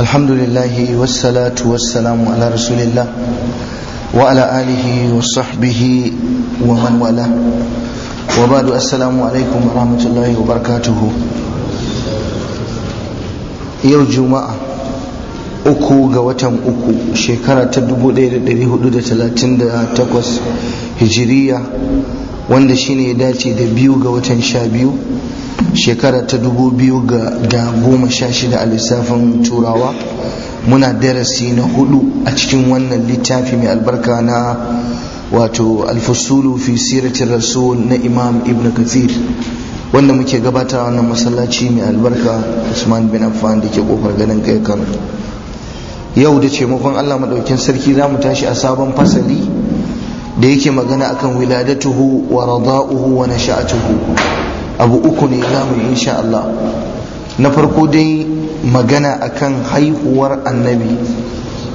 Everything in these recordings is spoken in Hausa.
alhamdulillahi wassalatu wassalamu ala rasulillah wa ala alihi wa sahbihi wa man wala wa ba'du assalamu alaikum wa rahmatullahi wa barakatuhu yau juma'a uku ga watan uku shekara ta dubu da da da takwas, hijiriya wanda shine ya dace da biyu ga watan sha biyu shekara ta dubu biyu ga goma sha shida a lissafin turawa muna darasi na hudu a cikin wannan littafi mai albarka na wato alfasulu fi siratin rasul na imam ibn kathir wanda muke gabata wannan masallaci mai albarka usman bin affan da ke kofar ganin kai kano yau da taimakon allah maɗaukin sarki za mu tashi a sabon fasali da yake magana akan wiladatuhu wa rada'uhu wa nasha'atuhu abu uku ne za mu insha Allah na farko dai magana akan haihuwar annabi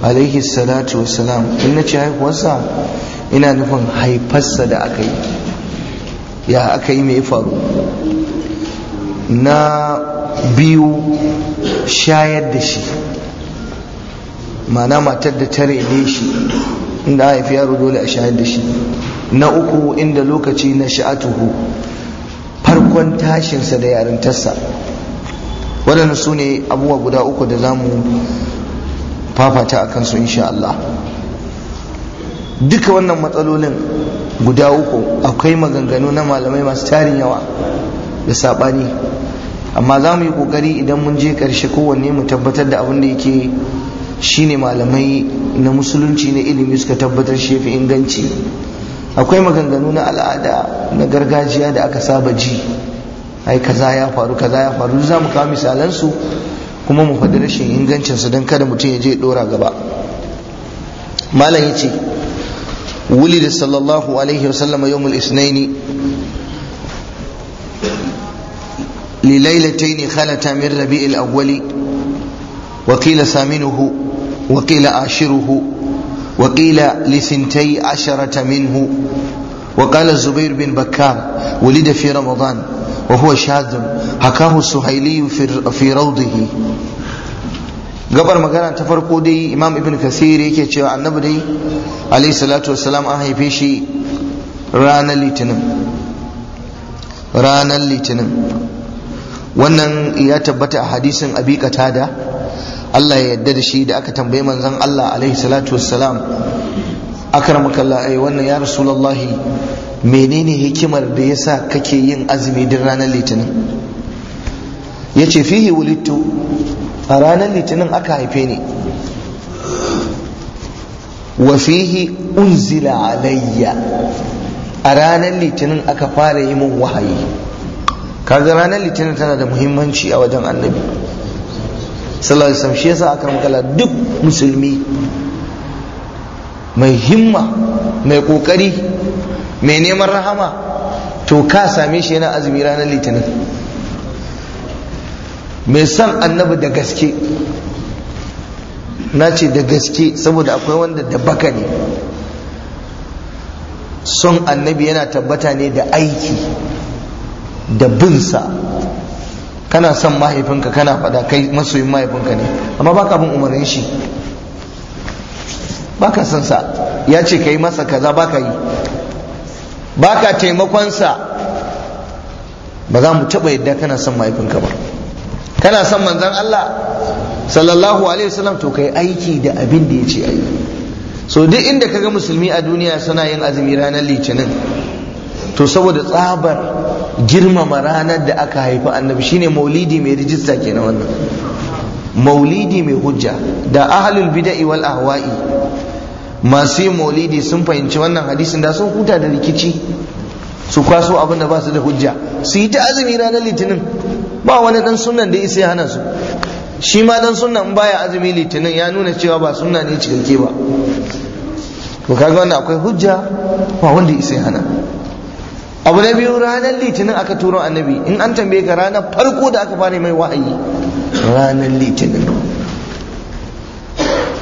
alaihi salatu wasalam in na ce haihuwarsa ina nufin haifarsa da aka yi ya aka yi mai faru na biyu shayar da shi mana matar da ta ne shi inda haifi yaro dole a shayar da shi na uku inda lokaci na sha'atuhu farkon tashinsa da yarintarsa waɗanda su ne abubuwa guda uku da za mu fafata a kansu insha Allah duka wannan matsalolin guda uku akwai maganganu na malamai masu tarin yawa da saɓani amma za mu yi ƙoƙari idan mun je ƙarshe kowanne mu tabbatar da abin da yake shine malamai na musulunci na ilimi suka tabbatar shi fi inganci akwai maganganu na al'ada na gargajiya da aka saba ji ai kaza ya faru kaza ya faru za mu kawo misalan su kuma mu faɗi rashin ingancin su don kada mutum ya je ɗora gaba malam yace wulida sallallahu alaihi wasallam yawmul isnaini min rabi'il awwali wa qila وقيل wa qila ashiruhu وقيل لثنتي عشرة منه وقال الزبير بن بكار ولد في رمضان وهو شاذ حكاه السهيلي في روضه gabar magana ta farko dai imam ibn kasir yake cewa annabi dai alayhi salatu wassalam an haife shi ranar litinin ranar litinin wannan ya tabbata a hadisin abi katada Allah ya yarda da shi da aka tambaye manzon Allah alaihi salatu wassalam Allah ai wannan ya rasulullahi menene hikimar da yasa kake yin azumi din ranar litinin yace fihi wulittu a ranar litinin aka haife ni wa fihi unzila alayya a ranar litinin aka fara yi min wahayi kaga ranar litinin tana da muhimmanci a wajen annabi sallallahu alaihi wasallam shi yasa aka makala duk musulmi mai himma mai kokari mai neman rahama to ka same shi yana azumi ranar litinin mai son annabi da gaske na ce da gaske saboda akwai wanda da baka ne son annabi yana tabbata ne da aiki da binsa kana son mahaifinka kana faɗa kai masoyin mahaifinka ne amma baka bin umarnin shi baka son sa ya ce kai masa kaza baka yi baka taimakon sa ba za mu taɓa yadda kana son mahaifinka ba kana son manzon Allah sallallahu alaihi wasallam to kai aiki da abin da ya ce ayi so duk inda kaga musulmi a duniya suna yin azumi ranar litinin to saboda tsabar girmama ranar da aka haifi annabi shine maulidi mai rijista kenan wannan maulidi mai hujja da ahlul bida'i wal ahwa'i masu maulidi sun fahimci wannan hadisin da sun huta da rikici su kwaso abin da ba su da hujja su yi ta azumi ranar litinin ba wani dan sunan da isa hana su shi ma dan sunan baya azumi litinin ya nuna cewa ba suna ne cikakke ba to kaga wannan akwai hujja ba wanda isa hana abu na biyu ranar litinin aka turo annabi in an tambaye ka ranar farko da aka fara mai wa'ayi ranar litinin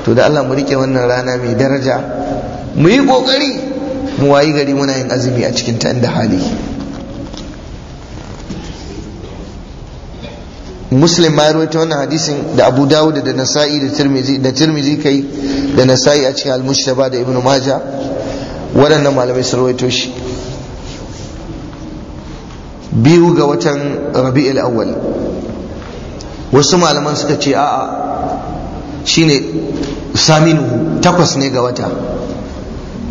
to da Allah mu rike wannan rana mai daraja mu yi kokari mu wayi gari muna yin azumi a cikin ta'in da hali muslim ma rawaito wannan hadisin da abu dawud da nasa'i da tirmizi da tirmizi kai da nasa'i a cikin al-mushtaba da ibnu majah waɗannan malamai sun rawaito shi biyu ga watan rabi'ul awwal wasu malaman suka ce a'a shine saminu takwas ne ga wata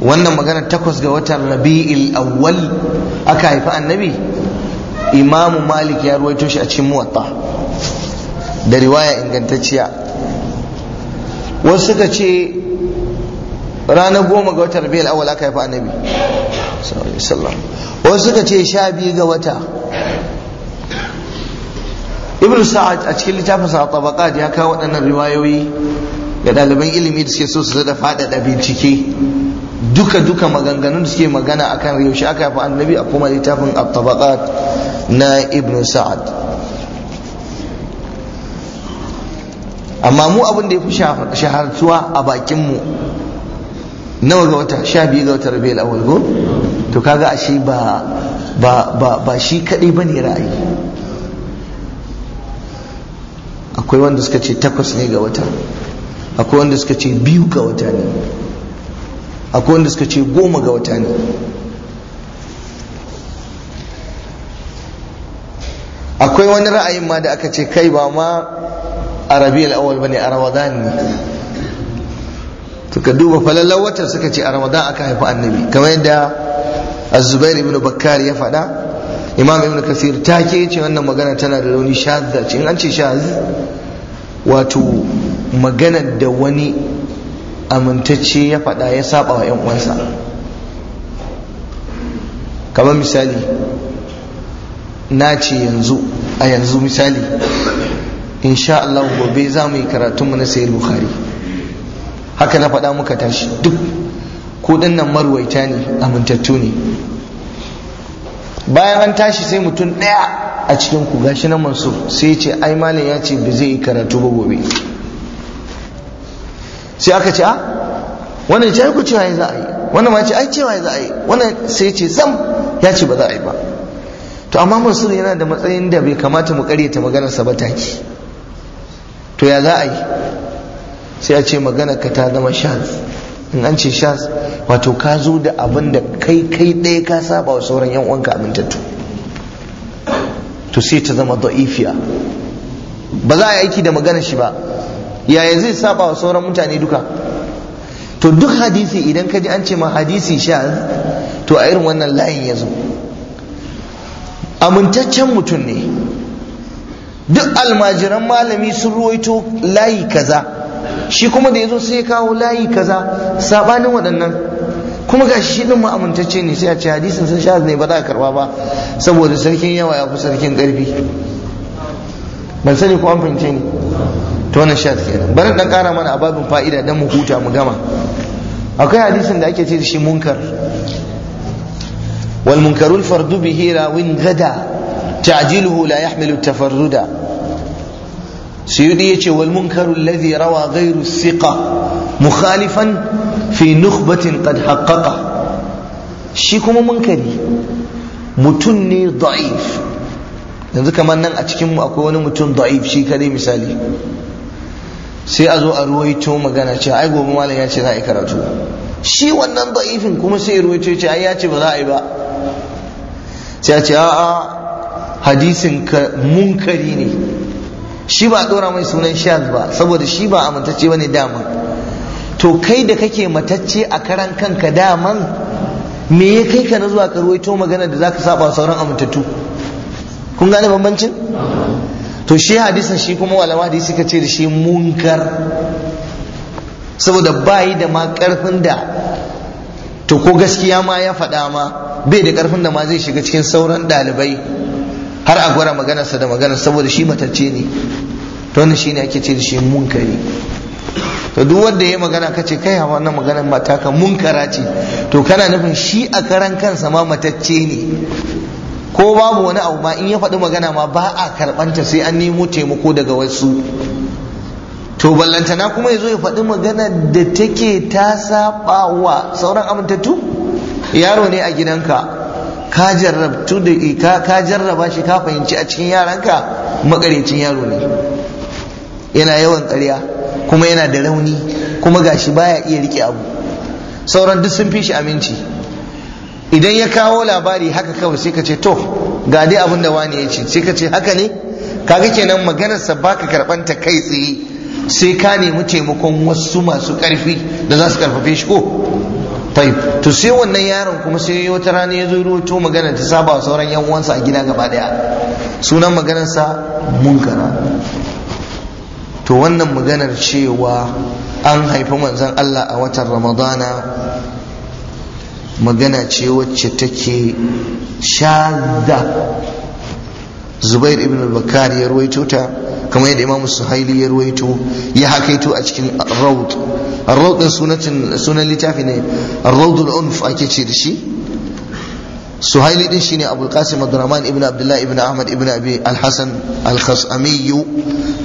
wannan magana takwas ga watan rabi'ul awwal aka haifi annabi imamu malik ya ruwaito shi a cikin muwatta da riwaya ingantacciya wasu suka ce ranar goma ga watan rabi'ul awwal aka haifi annabi sallallahu alaihi wasallam wasu suka ce sha biyu ga wata ibn sa'ad a cikin littafin sa tabaqat ya kawo waɗannan riwayoyi ga ɗaliban ilimi da suke so su da bincike duka duka maganganun da suke magana akan yaushe aka yafi annabi a kuma littafin at-tabaqat na ibn sa'ad amma mu abin da ya fi shahartuwa a bakin mu nawa ga wata sha biyu ga wata rabiul awwal go to kaga shi ba ba ba ba shi kadai ne ra'ayi akwai wanda suka ce takwas ne ga wata akwai wanda suka ce biyu ga wata ne akwai wanda suka ce goma ga wata ne akwai wani ra'ayin ma da aka ce kai ba ma a rabiul ba ne a ramadan ne suka duba falallar watan suka ce a ramadan aka haifi annabi kamar yadda azubair ibn bakkar ya faɗa imam ibn kasir ta ke ce wannan magana tana da rauni shazza ce in an ce shaz wato maganar da wani amintacce ya faɗa ya saba wa 'yan uwansa misali na ce yanzu a yanzu misali insha Allah gobe za mu yi karatunmu na sayar bukhari haka na faɗa muka tashi duk ko nan marwaita ne amintattu ne bayan an tashi sai mutum ɗaya a cikin ku gashi na mansur sai ce ai malam ya ce ba zai yi karatu ba gobe sai aka ce a ah, wannan ce ai ku cewa za a yi wannan ma ce ai cewa za a yi wannan sai ce sam ya ce ba za a yi ba to amma mansur yana da matsayin da bai kamata mu karyata maganarsa ba taki to ya za a yi sai a ce magana ka ta zama shaz in an ce shaz wato ka zo da abin da kai kai ɗaya ka saba wa sauran yan uwanka amintattu to sai ta zama da'ifiya ba za a yi aiki da magana shi ba yaya zai saba wa sauran mutane duka to duk hadisi idan ka ji an ce ma hadisi shaz to a irin wannan layin ya zo amintaccen mutum ne duk almajiran malami sun ruwaito layi kaza shi kuma da ya zo sai ya kawo layi kaza sabanin waɗannan kuma ga shi ɗin ma'amintacce ne sai a ce hadisin sun sha ne ba za a karba ba saboda sarkin yawa ya fi sarkin ƙarfi ban sani ko an fahimce ni ta wannan sha kenan bari dan ƙara mana ababin fa'ida dan mu huta mu gama akwai hadisin da ake ce da shi munkar wal munkarul fardu bihi rawin gada ta'jiluhu la yahmilu tafarruda suyudi yace wal munkaru alladhi rawa gairu siƙa mukhalifan fi nukhbatin qad haqqaqa shi kuma munkari mutum ne da'if yanzu kamar nan a cikin akwai wani mutum da'if shi kare misali sai a zo a ruwaito magana ce ai gobe malam ya ce za a yi karatu shi wannan da'ifin kuma sai ya ruwaito ce ai ya ce ba za a yi ba sai a ce a'a hadisin ka munkari ne shi ba dora mai sunan shaz ba saboda shi ba amintacce bane daman to kai da kake matacce a karan kanka daman me ya kai ka na zuwa ka ruwaito magana da zaka saba sauran amintattu kun gane bambancin to shi hadisin shi kuma walama hadisi suka ce da shi munkar saboda bayi da ma karfin da to ko gaskiya ma ya faɗa ma bai da karfin da ma zai shiga cikin sauran ɗalibai har a gwara maganarsa da maganar saboda shi matacce ne to wannan shine ake ce da shi munkari to duk wanda ya magana kace kai kai wannan maganar mata ka munkara ce to kana nufin shi a karan kansa ma matacce ne ko babu wani abu ma in ya faɗi magana ma ba a karɓanta sai an nemo taimako daga wasu to ballantana kuma yazo ya faɗi magana da take ta saɓa wa sauran amintattu yaro ne a gidanka ka jarrabtu da ka jarraba shi ka fahimci a cikin yaranka makarincin yaro ne yana yawan ƙarya kuma yana da rauni kuma gashi baya iya rike abu sauran duk sun fi shi aminci idan ya kawo labari haka kawai sai ka ce to ga dai abin da wani ya ce sai ka ce haka ne kaga kenan maganar sa baka ta kai tsaye sai ka nemi taimakon wasu masu ƙarfi da za su karfafe shi ko tayyib to sai wannan yaron kuma sai wata rana ya zo ruwato magana ta saba wa sauran yan uwansa a gida gaba daya sunan maganarsa munkara to wannan maganar cewa an haifi manzon Allah a watan Ramadana magana ce wacce take shadda zubair ibn bakari ya ruwaito ta kamar yadda imamu suhaili ya ruwaito ya hakaito a cikin raud raud din sunan littafi ne raudul unf ake ce da shi suhaili din shine abul qasim abdurrahman ibn abdullah ibn ahmad ibn abi al-hasan al-khasami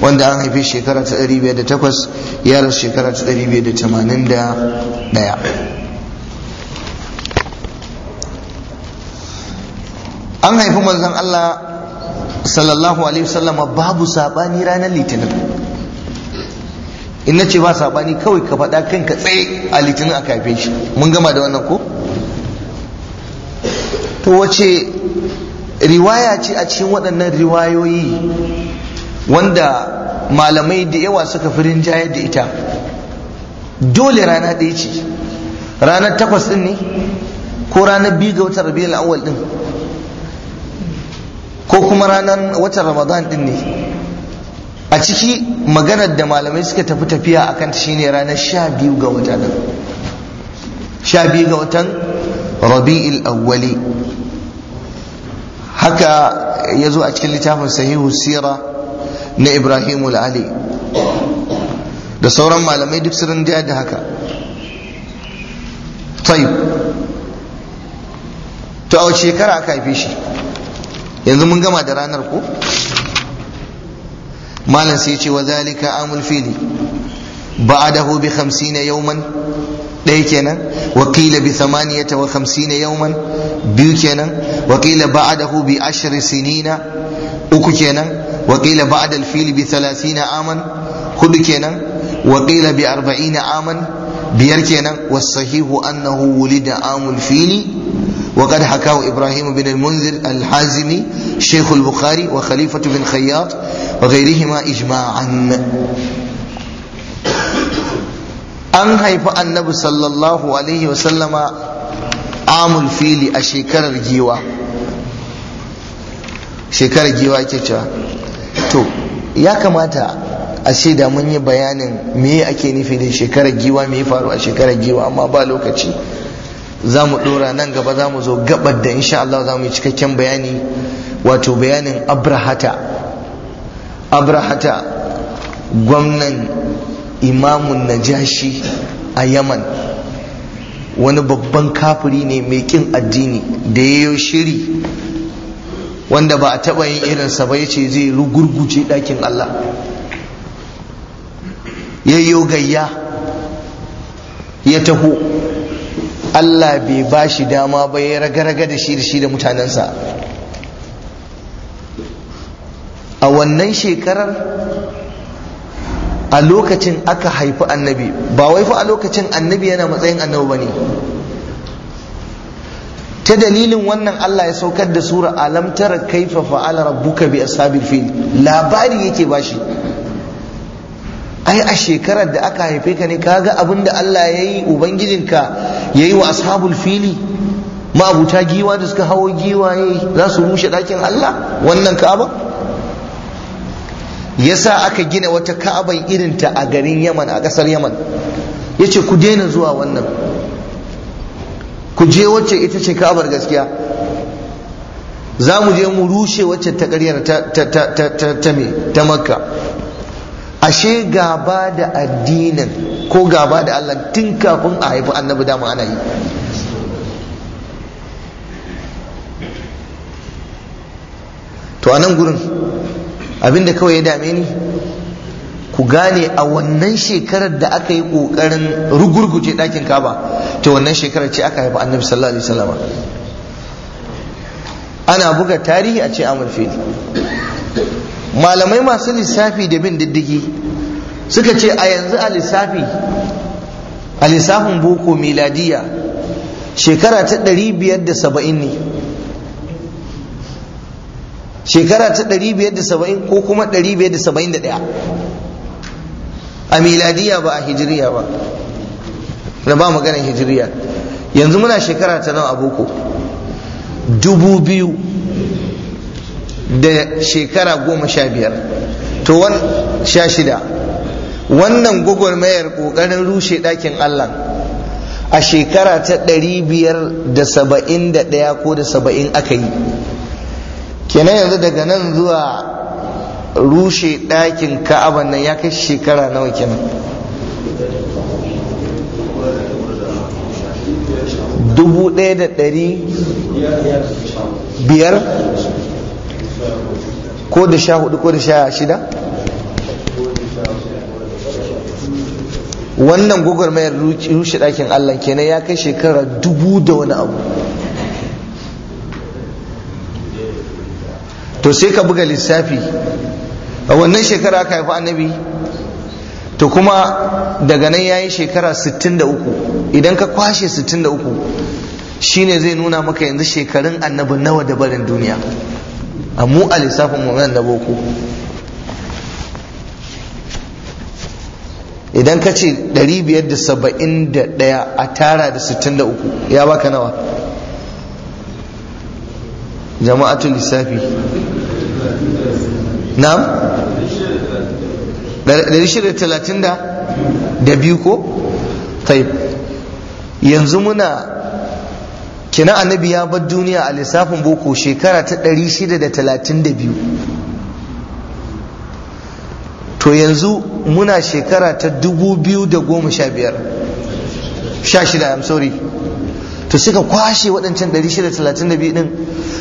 wanda an haife shekara ta 508 ya rasu shekara ta 581 an haifi manzon Allah sallallahu alaihi wasallama babu sabani ranar litinin in ce ba sabani kawai ka faɗa kanka tsaye a litinin a kafe shi mun gama da wannan ko to wace riwaya ce a cikin waɗannan riwayoyi wanda malamai da yawa suka firin jayar da ita dole rana ɗaya ce ranar takwas ɗin ne ko ranar biyu ga watan rabiul awal ɗin ko kuma ranar watan ramadan din ne a ciki maganar da malamai suka tafi tafiya a kanta shine ranar sha biyu ga watan, sha biyu ga watan rabi'il awwali haka ya zo a cikin littafin sahihu sira na ibrahim ali da sauran malamai duk sirrin sun da haka taib to a shekara aka haife shi yanzu mun gama da ranar ko malam sai ce wa zalika amul fili ba'adahu bi 50 yawman ɗaya kenan wakila bi thamaniyata wa khamsina yawman biyu kenan wakila ba'adahu bi ashri sinina uku kenan wakila ba'da al-fil bi 30 aman hudu kenan wakila bi 40 aman biyar kenan wa sahihu annahu wulida amul fili وقد حكاه إبراهيم بن المنذر الحازمي شيخ البخاري وخليفة بن خياط وغيرهما إجماعا an haifi annabi sallallahu alaihi wasallama amul fili a shekarar giwa shekarar giwa ke cewa to ya kamata a ce da mun yi bayanin me ake nufi da shekarar giwa me faru a shekarar giwa amma ba lokaci za mu ɗora nan gaba za mu zo gabar da insha Allah za mu yi cikakken bayani wato bayanin abrahata abrahata gwamnan imamun najashi a yaman wani babban kafiri ne mai kin addini da ya yi shiri wanda ba a taɓa yin irinsa ba ya ce zai rugurguje dakin Allah ya gayya ya taho Allah bai ba shi dama ba ya raga-raga da shi da shi da mutanensa a wannan shekarar a lokacin aka haifi annabi ba wai fa a lokacin annabi yana matsayin annabi ba ne ta dalilin wannan Allah ya saukar da sura alam tara kaifa fa'ala rabbuka bi ashabil fil labari yake bashi ai a shekarar da aka haife ka ne kaga abin da Allah ya yi ubangijinka ya yi wa ashabul fili ma'abuta giwa da suka hawo giwaye za su rushe ɗakin Allah wannan ka'aba sa aka gina wata ka'abar irinta a garin yaman a ƙasar yaman ya ce ku daina zuwa wannan ku je wacce ita ce ka'abar gaskiya za mu je mu rushe wacce ta ƙaryar ta, ta, ta, ta, ta, ta makka ashe gaba da addinin ko gaba da Allah tun kafin a haifi annabi dama ana yi to a nan gurin abinda kawai ya dame ni ku gane a wannan shekarar da aka yi ƙoƙarin rugurguje ɗakin kaba ta wannan shekarar ce aka haifi annabi sallallahu alaihi wasallama ana buga tarihi a ce amurfe malamai masu lissafi da bin diddigi suka ce a yanzu a lissafi a lissafin boko miladiya shekara ta 570 ne shekara ta 570 ko kuma 571 a miladiya ba a hijiriya ba na ba maganar hijiriya yanzu muna shekara ta nawa a boko dubu biyu da shekara goma sha biyar to wan sha shida wannan gwagwarmayar ƙoƙarin rushe ɗakin allah a shekara ta ɗari biyar da saba'in da ɗaya ko da saba'in aka yi kenan yanzu daga nan zuwa rushe ɗakin ka'aban nan ya kai shekara nawa kenan dubu ɗaya da ɗari biyar ko da sha hudu ko da sha shida wannan gwagwarmayar rushe dakin allah kenan ya kai shekara dubu da wani abu to sai ka buga lissafi a wannan shekara ka haifi annabi to kuma daga nan yayi yi shekara 63 idan ka kwashe 63 shine zai nuna maka yanzu shekarun annabi nawa da barin duniya a mu a lissafin mu nan da boko idan ka ce 571 a tara da 63 ya baka nawa jama'atun lissafi na 632 da biyu ko? taip yanzu muna kina annabi ya bar duniya a lissafin boko shekara ta 632 to yanzu muna shekara ta 2015 16 I'm sorry to suka kwashe waɗancan 632 ɗin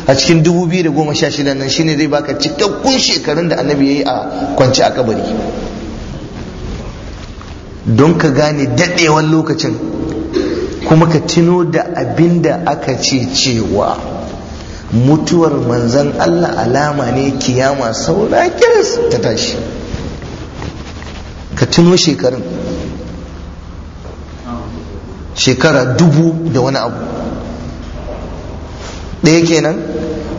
a cikin 2016 nan shine zai baka cikakkun shekarun da annabi ya yi a kwance a kabari don ka gane daɗewan lokacin kuma ka tuno da abin da aka ce cewa mutuwar manzan Allah alama ne kiyama saura kiris ta tashi ka tuno shekarun shekara dubu da wani abu ɗaya kenan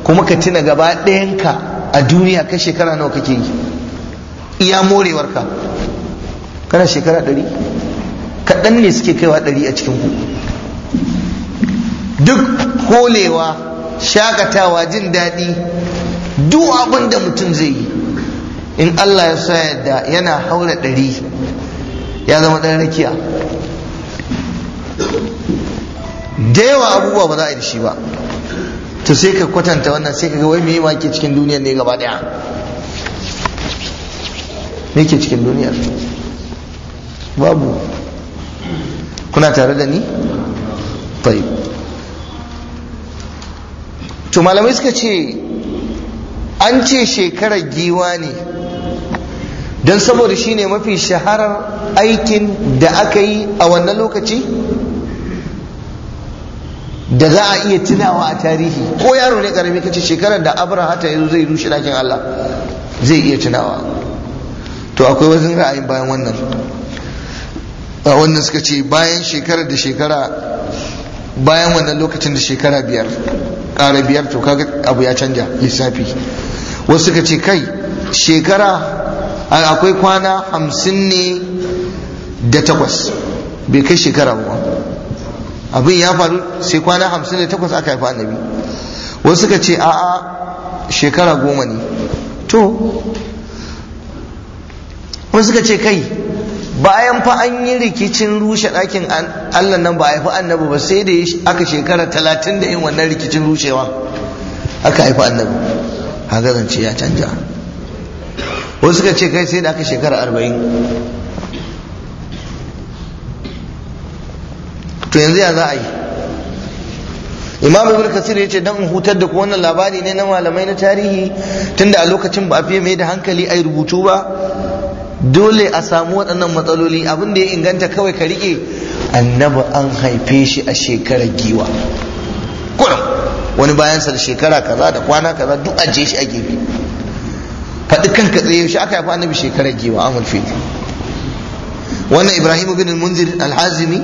kuma ka tuna gaba ɗayanka a duniya ka shekara nawa kake yi iya morewarka kana shekara ɗari kaɗan ne suke kaiwa ɗari a cikin ku duk kolewa shakatawa jin daɗi duk abin da mutum zai yi in Allah ya sa yadda yana haura ɗari ya zama ɗan rakiya da yawa abubuwa ba za a yi da shi ba to sai ka kwatanta wannan sai ka ga wai meye ma ke cikin duniyar ne gaba daya me ke cikin duniyar babu kuna tare da ni tayyib to malamai suka ce an ce shekarar giwa ne don saboda shine mafi shaharar aikin da aka yi a wannan lokaci da za a iya tunawa a tarihi ko yaro ne karami kace shekarar da abraha ta yanzu zai rushe dakin Allah zai iya tunawa to akwai wazin ra'ayin bayan wannan wannan suka ce bayan shekara da shekara bayan wannan lokacin da shekara biyar ƙara biyar to kaga abu ya canja lissafi wasu suka ce kai shekara akwai kwana hamsin ne da takwas bai kai shekara ba abin ya faru sai kwana hamsin da takwas aka haifa annabi wasu suka ce a'a shekara goma ne to wasu suka ce kai bayan fa an yi rikicin rushe ɗakin Allah nan ba a haifi annabi ba sai da aka shekara talatin da yin wannan rikicin rushewa aka haifi annabi haka zance ya canja wasu suka ce kai sai da aka shekara arba'in to yanzu ya za a yi imam ibn kasir ya ce dan in hutar da ku wannan labari ne na malamai na tarihi tunda a lokacin ba a fiye mai da hankali yi rubutu ba dole a samu waɗannan matsaloli abin da ya inganta kawai ka riƙe. annabi an haife shi a shekarar giwa kurum wani bayansa da shekara kaza da kwana kaza duk ajiye shi a gefe faɗi ka tsaye shi aka haifi annabi shekarar giwa amul fiti wannan ibrahim bin munzir al-hazimi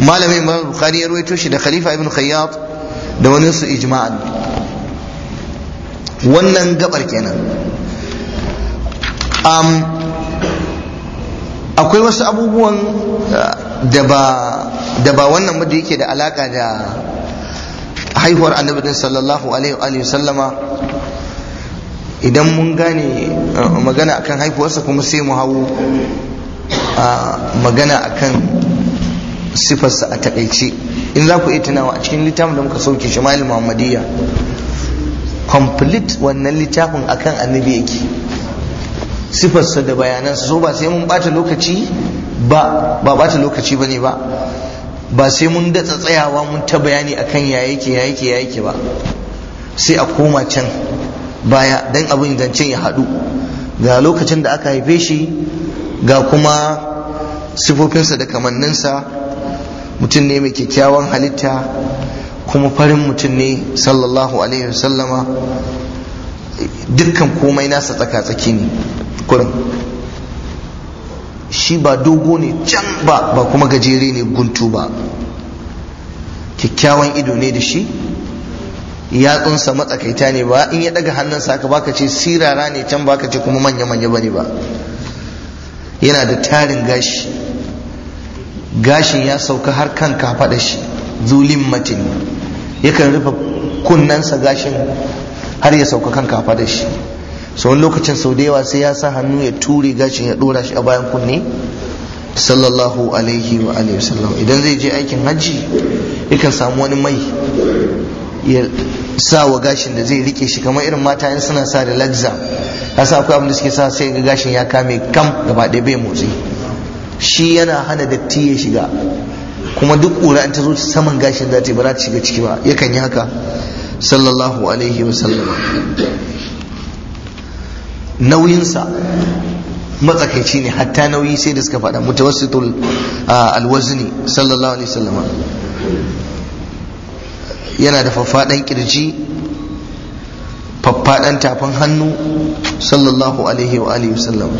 malamin imam bukhari ya ruwaito shi da khalifa ibn khayyat da wani su ijma'an wannan gabar kenan um, akwai wasu abubuwan eh, da ba da wannan da yake da alaka da haihuwar annabi din sallallahu alaihi wa sallama idan mun gane eh, magana akan haihuwarsa kuma sai mu hau ah, magana akan sifarsa a takaice in za ku iya tunawa a cikin littafin da muka sauke shi muhammadiyya complete wannan littafin akan annabi yake sifarsa da bayanansa so ba sai mun bata lokaci ba ba bata lokaci ba ne ba ba sai mun datsa tsayawa mun ta bayani akan ya yake ya yake ya yake ba sai a koma can baya dan abin zancen ya haɗu ga lokacin da aka haife shi ga kuma sifofinsa da kamanninsa mutum ne mai kyakkyawan halitta kuma farin mutum ne sallallahu alaihi wasallama dukkan komai nasa tsaka-tsaki ne kurin shi ba dogo ne can ba ba kuma gajere ne guntu ba kyakkyawan ido ne da shi yatsunsa matsakaita ne ba in ya daga hannunsa ka baka ce sirara ne can baka ce kuma manya-manya bane ba yana da tarin gashi gashin ya sauka har kan kafaɗa shi zulin matin yakan rufe kunnensa gashin har ya sauka kan kafaɗa shi sau lokacin sau da yawa sai ya sa hannu ya ture gashin ya dora shi a bayan kunne sallallahu alaihi wa alihi wasallam idan zai je aikin hajji yakan samu wani mai ya sa wa gashin da zai rike shi kamar irin mata in suna sa relaxer kasa akwai abin da suke sa sai ga gashin ya kame kam gaba ɗaya bai motsi shi yana hana datti ya shiga kuma duk ƙura in ta zo saman gashin za ta yi ba za ta shiga ciki ba yakan yi haka sallallahu alaihi wa sallam nauyinsa matsakaici ne hatta nauyi sai da suka faɗa mutawassitul alwazni sallallahu alaihi wasallam yana da faffaɗan kirji faffaɗan tafin hannu sallallahu alaihi wa alihi wasallam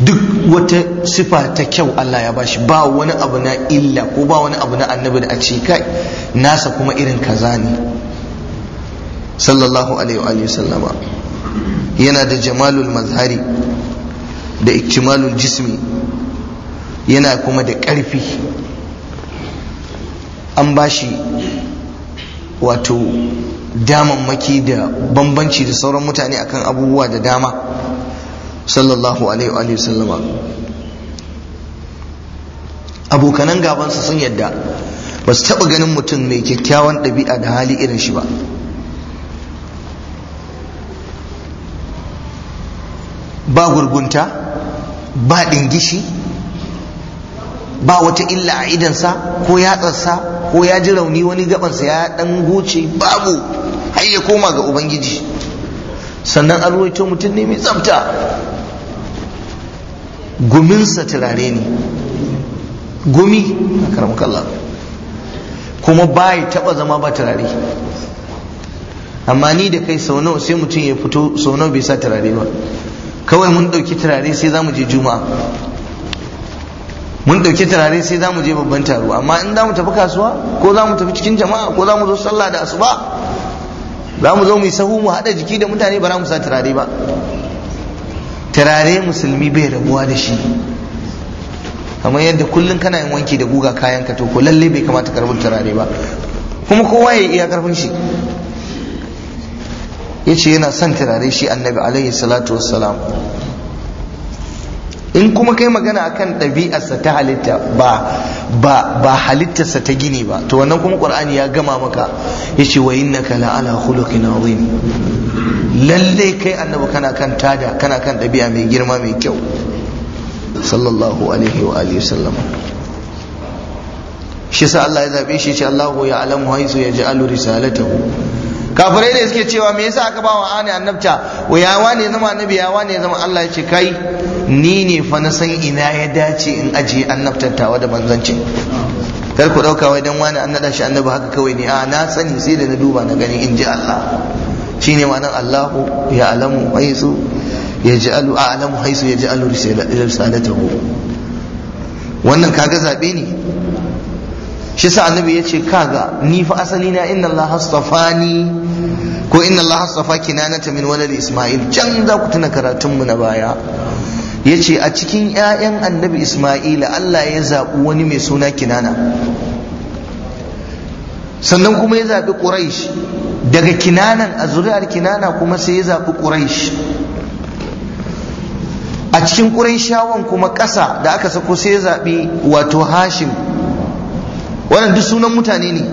duk wata sifa ta kyau Allah ya bashi ba wani abu na illa ko ba wani abu na annabi da a ce kai nasa kuma irin kaza ne sallallahu alaihi wa sallama yana da jamalul mazhari da ikimalul jismi yana kuma da ƙarfi an bashi wato damammaki da bambanci da sauran mutane akan abubuwa da dama sallallahu alaihi wa sallama abokanan gabansa sun yadda ba su taɓa ganin mutum mai kyakkyawan ɗabi'a da hali irin shi ba ba gurgunta ba ɗingishi ba wata illa a sa, ko yatsarsa ko ya ji rauni wani gabansa ya ɗan goce babu har ya koma ga ubangiji sannan an mutum ne mai tsafta guminsa turare ne gumi a kalla, kuma ba ya taɓa zama ba turare amma ni da kai sau nawa sai mutum ya fito sau nawa bai sa turare ba kawai mun ɗauki turare sai za mu je juma'a mun ɗauki turare sai za je babban taro amma in za tafi kasuwa ko za tafi cikin jama'a ko za zo sallah da asuba za mu zo mu yi sahu mu haɗa jiki da mutane ba za mu sa turare ba turare musulmi bai rabuwa da shi kamar yadda kullum kana yin wanki da guga kayan ka to ko lalle bai kamata karbin turare ba kuma kowa ya iya karfin shi yace yana son turare shi annabi alaihi salatu wassalam in kuma kai magana akan ɗabi'arsa ta halitta ba ba ba halittarsa ta gini ba to wannan kuma qur'ani ya gama maka Ya ce wa innaka la ala khuluqin azim lalle kai annabi kana kan tada kana kan ɗabi'a mai girma mai kyau sallallahu alaihi wa alihi sallam shi sa Allah ya zabe shi ce Allah ya alamu haizu ya ja'alu risalatahu kafirai ne suke cewa me yasa aka ba wa ani annabta ya wane zama annabi ya wane zama Allah ya ce kai ni ne fa na san ina ya dace in ajiye tawa da manzancin kar ku dauka wai dan wani an shi annabi haka kawai ne a na sani sai da na duba na gani in ji Allah shine ma'anar Allahu ya alamu haisu ya ja'alu a'lamu haisu ya ja'alu risalatahu wannan kaga zabe ne shi sa annabi ya ce kaga ni fa asali na inna Allah astafani ko inna Allah astafa kinanata min walad Isma'il can za ku tuna karatun mu na baya yace a cikin ƴaƴan annabi Isma'ila Allah ya zaɓi wani mai suna kinana sannan kuma ya zaɓi Quraysh daga kinanan a zuri'ar kinana kuma sai ya zabi Quraysh a cikin ƙurayshawan kuma ƙasa da aka sako sai ya zaɓi wato hashim wannan duk sunan mutane ne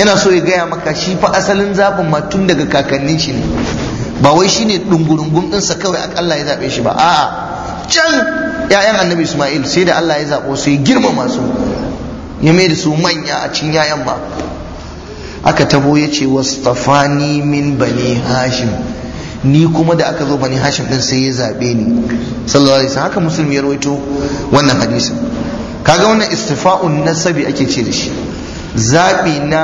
yana so ya gaya maka shi fa asalin zafin ma tun daga kakannin shi ne ba wai shi ne ɗungurungun ɗinsa kawai Allah ya zaɓe shi ba a'a can ‘ya'yan annabi Ismail sai da Allah ya zaɓo sai ya girmama su ya mai da su manya a cikin ‘ya'yan ba aka tabo ya ce wastafani min bani hashim ni kuma da aka zo bani hashim ɗin sai ya zaɓe ni sallallahu alaihi wasallam haka musulmi ya rawaito wannan hadisin kaga wannan istifa'un nasabi ake ce da shi zaɓi na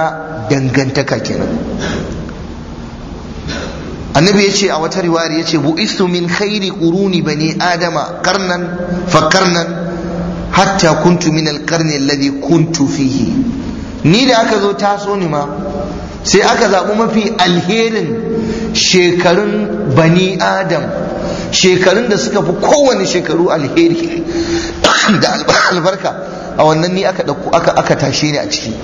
dangantaka kenan annabi yace a wata riwayar yace bu'istu min khairi quruni bani adama karnan fa karnan hatta kuntu min alqarni alladhi kuntu fihi ni da aka zo taso ni ma sai aka zaɓi mafi alherin shekarun bani adam shekarun da suka fi kowane shekaru alheri da albarka a wannan ni aka dauko aka aka tashe ni a ciki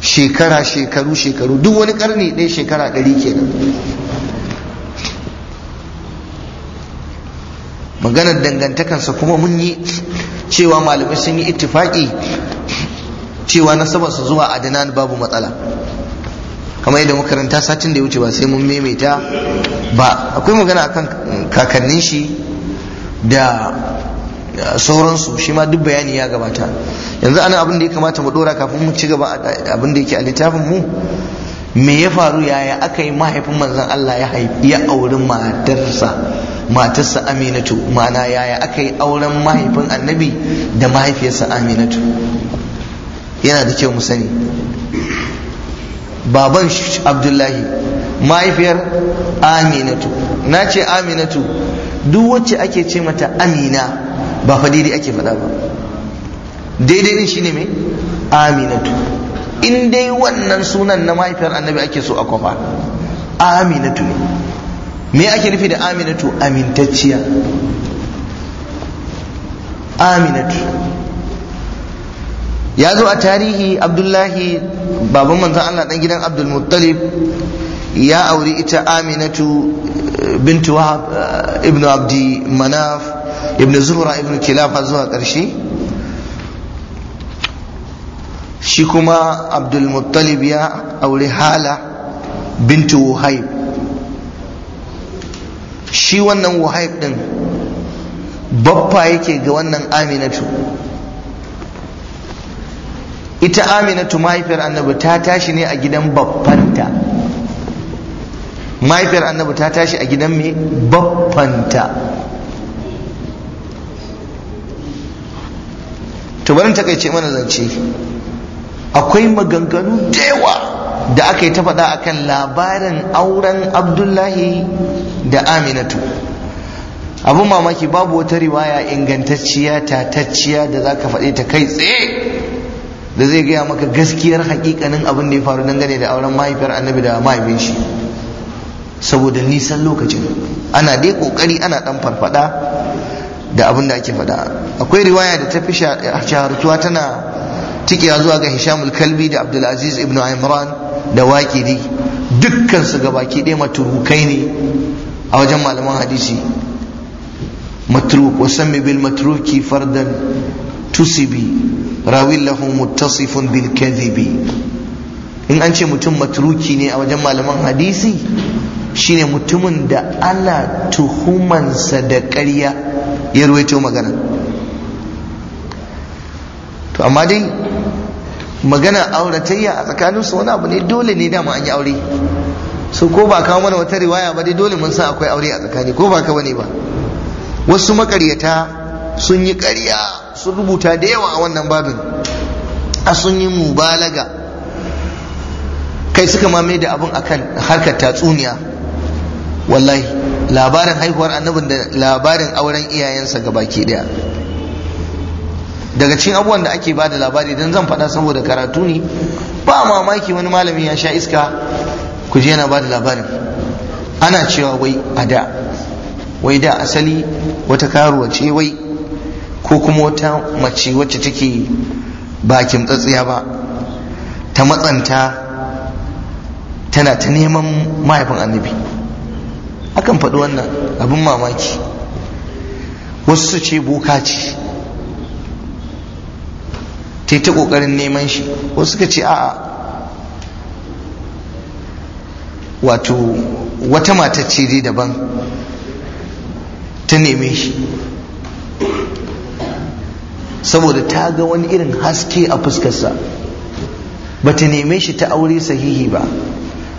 shekara shekaru shekaru duk wani karni ɗaya shekara ɗari kenan maganar dangantakansa kuma mun yi cewa malamai sun yi ittifaki cewa su zuwa adnan babu matsala kamar yadda makaranta satin da ya wuce ba sai mun maimaita ba akwai magana akan kakannin shi da da sauransu shi ma duk bayani ya gabata yanzu ana abin da ya kamata mu dora kafin mu ci gaba abin da yake a littafin mu me ya faru yaya aka yi mahaifin manzon Allah ya haifi ya auri matarsa matarsa Aminatu ma'ana yaya aka yi auren mahaifin Annabi da mahaifiyarsa Aminatu yana da kyau mu sani baban Abdullahi mahaifiyar Aminatu na ce Aminatu duk wacce ake ce mata Amina ba fa daidai ake faɗa ba daidai din shine mai aminatu in dai wannan sunan na mahaifiyar annabi ake so a kwafa aminatu ne me ake nufi da aminatu amintacciya aminatu ya zo a tarihi abdullahi baban manzan allah dan gidan Abdul Muttalib ya auri ita aminatu eh, bintu wahab eh, ibnu abdi manaf ibn zuhra ibn kilafa zuwa ƙarshe shi kuma abdulmuttalib ya aure hala bintu wuhaib shi wannan wuhaib din babba yake ga wannan aminatu ita aminatu mahaifiyar annabi ta tashi ne a gidan babbanta mahaifiyar annabi ta tashi a gidan mai babbanta to bari takaice mana zance akwai maganganu da yawa da aka yi ta faɗa akan labarin auren abdullahi da aminatu abin mamaki babu wata riwaya ingantacciya tatacciya da za ka faɗi ta kai tsaye da zai gaya maka gaskiyar haƙiƙanin abin da ya faru dangane da auren mahaifiyar annabi da mahaifin shi saboda nisan lokacin ana dai kokari ana dan farfada da abin da ake faɗa akwai riwaya da ta fi shahartuwa tana tikiya zuwa ga hisham kalbi da abdulaziz ibn imran da wakidi dukkan su gabaki ɗaya maturukai ne a wajen malaman hadisi matruk wasammi bil matruki fardan tusibi rawin lahu muttasifun bil kadhibi in an ce mutum matruki ne a wajen malaman hadisi shine mutumin da ana tuhumansa da ƙarya ya ruwaito magana to amma dai magana auratayya a tsakaninsu wani abu ne dole ne dama an yi aure su ko ba kawo mana wata riwaya ba dai dole mun san akwai aure a tsakani ko ba ka ne ba wasu makaryata sun yi ƙarya sun rubuta da yawa a wannan babin a sun yi mubalaga kai suka mamaye da abin akan harkar tatsuniya wallahi labarin haihuwar annabin da labarin auren iyayensa ga baki daya daga cikin abubuwan da ake ba da labari don zan faɗa saboda karatu ne ba mamaki wani malami ya sha iska ku je yana ba da labarin ana cewa wai a da wai da asali wata karuwa ce wai ko kuma wata mace wacce take bakin tsatsiya ba ta matsanta tana ta neman mahaifin annabi akan faɗi wannan abin mamaki wasu su ce boka ce ta ta ƙoƙarin neman shi wasu suka ce a'a wato wata matar ce dai daban ta neme shi saboda ta ga wani irin haske a fuskarsa ba ta neme shi ta aure sahihi ba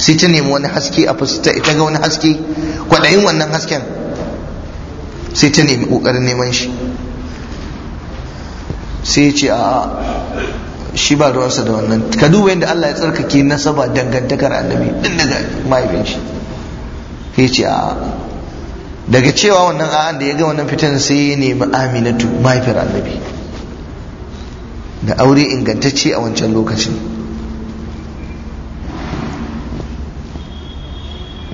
sai ta nemi wani haske a fuska ta ga wani haske kwaɗayin wannan hasken sai ta nemi kokarin neman shi sai ce a shi ba ruwansa da wannan ka duba yadda Allah ya tsarkake nasaba dangantakar annabi din daga mahaifin shi sai ce a daga cewa wannan a'an da ya ga wannan fitan sai ya nemi aminatu mahaifin annabi da aure ingantacce a wancan lokacin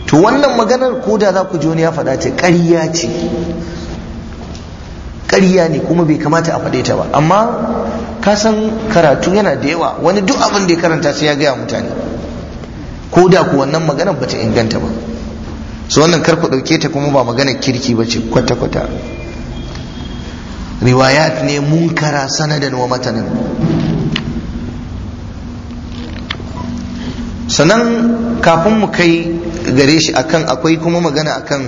to wannan maganar ko da za ku ji wani ya faɗa ce ƙarya ce ƙarya ne kuma bai kamata a faɗe ta ba amma ka san karatu yana da yawa wani duk abin da ya karanta sai ya gaya mutane ko da ku wannan maganar bata inganta ba su wannan kar ku ɗauke ta kuma ba maganar kirki ba ce kwata-kwata riwayat ne munkara sanadan wa matanin sannan kafin mu kai gare shi akan akwai kuma magana akan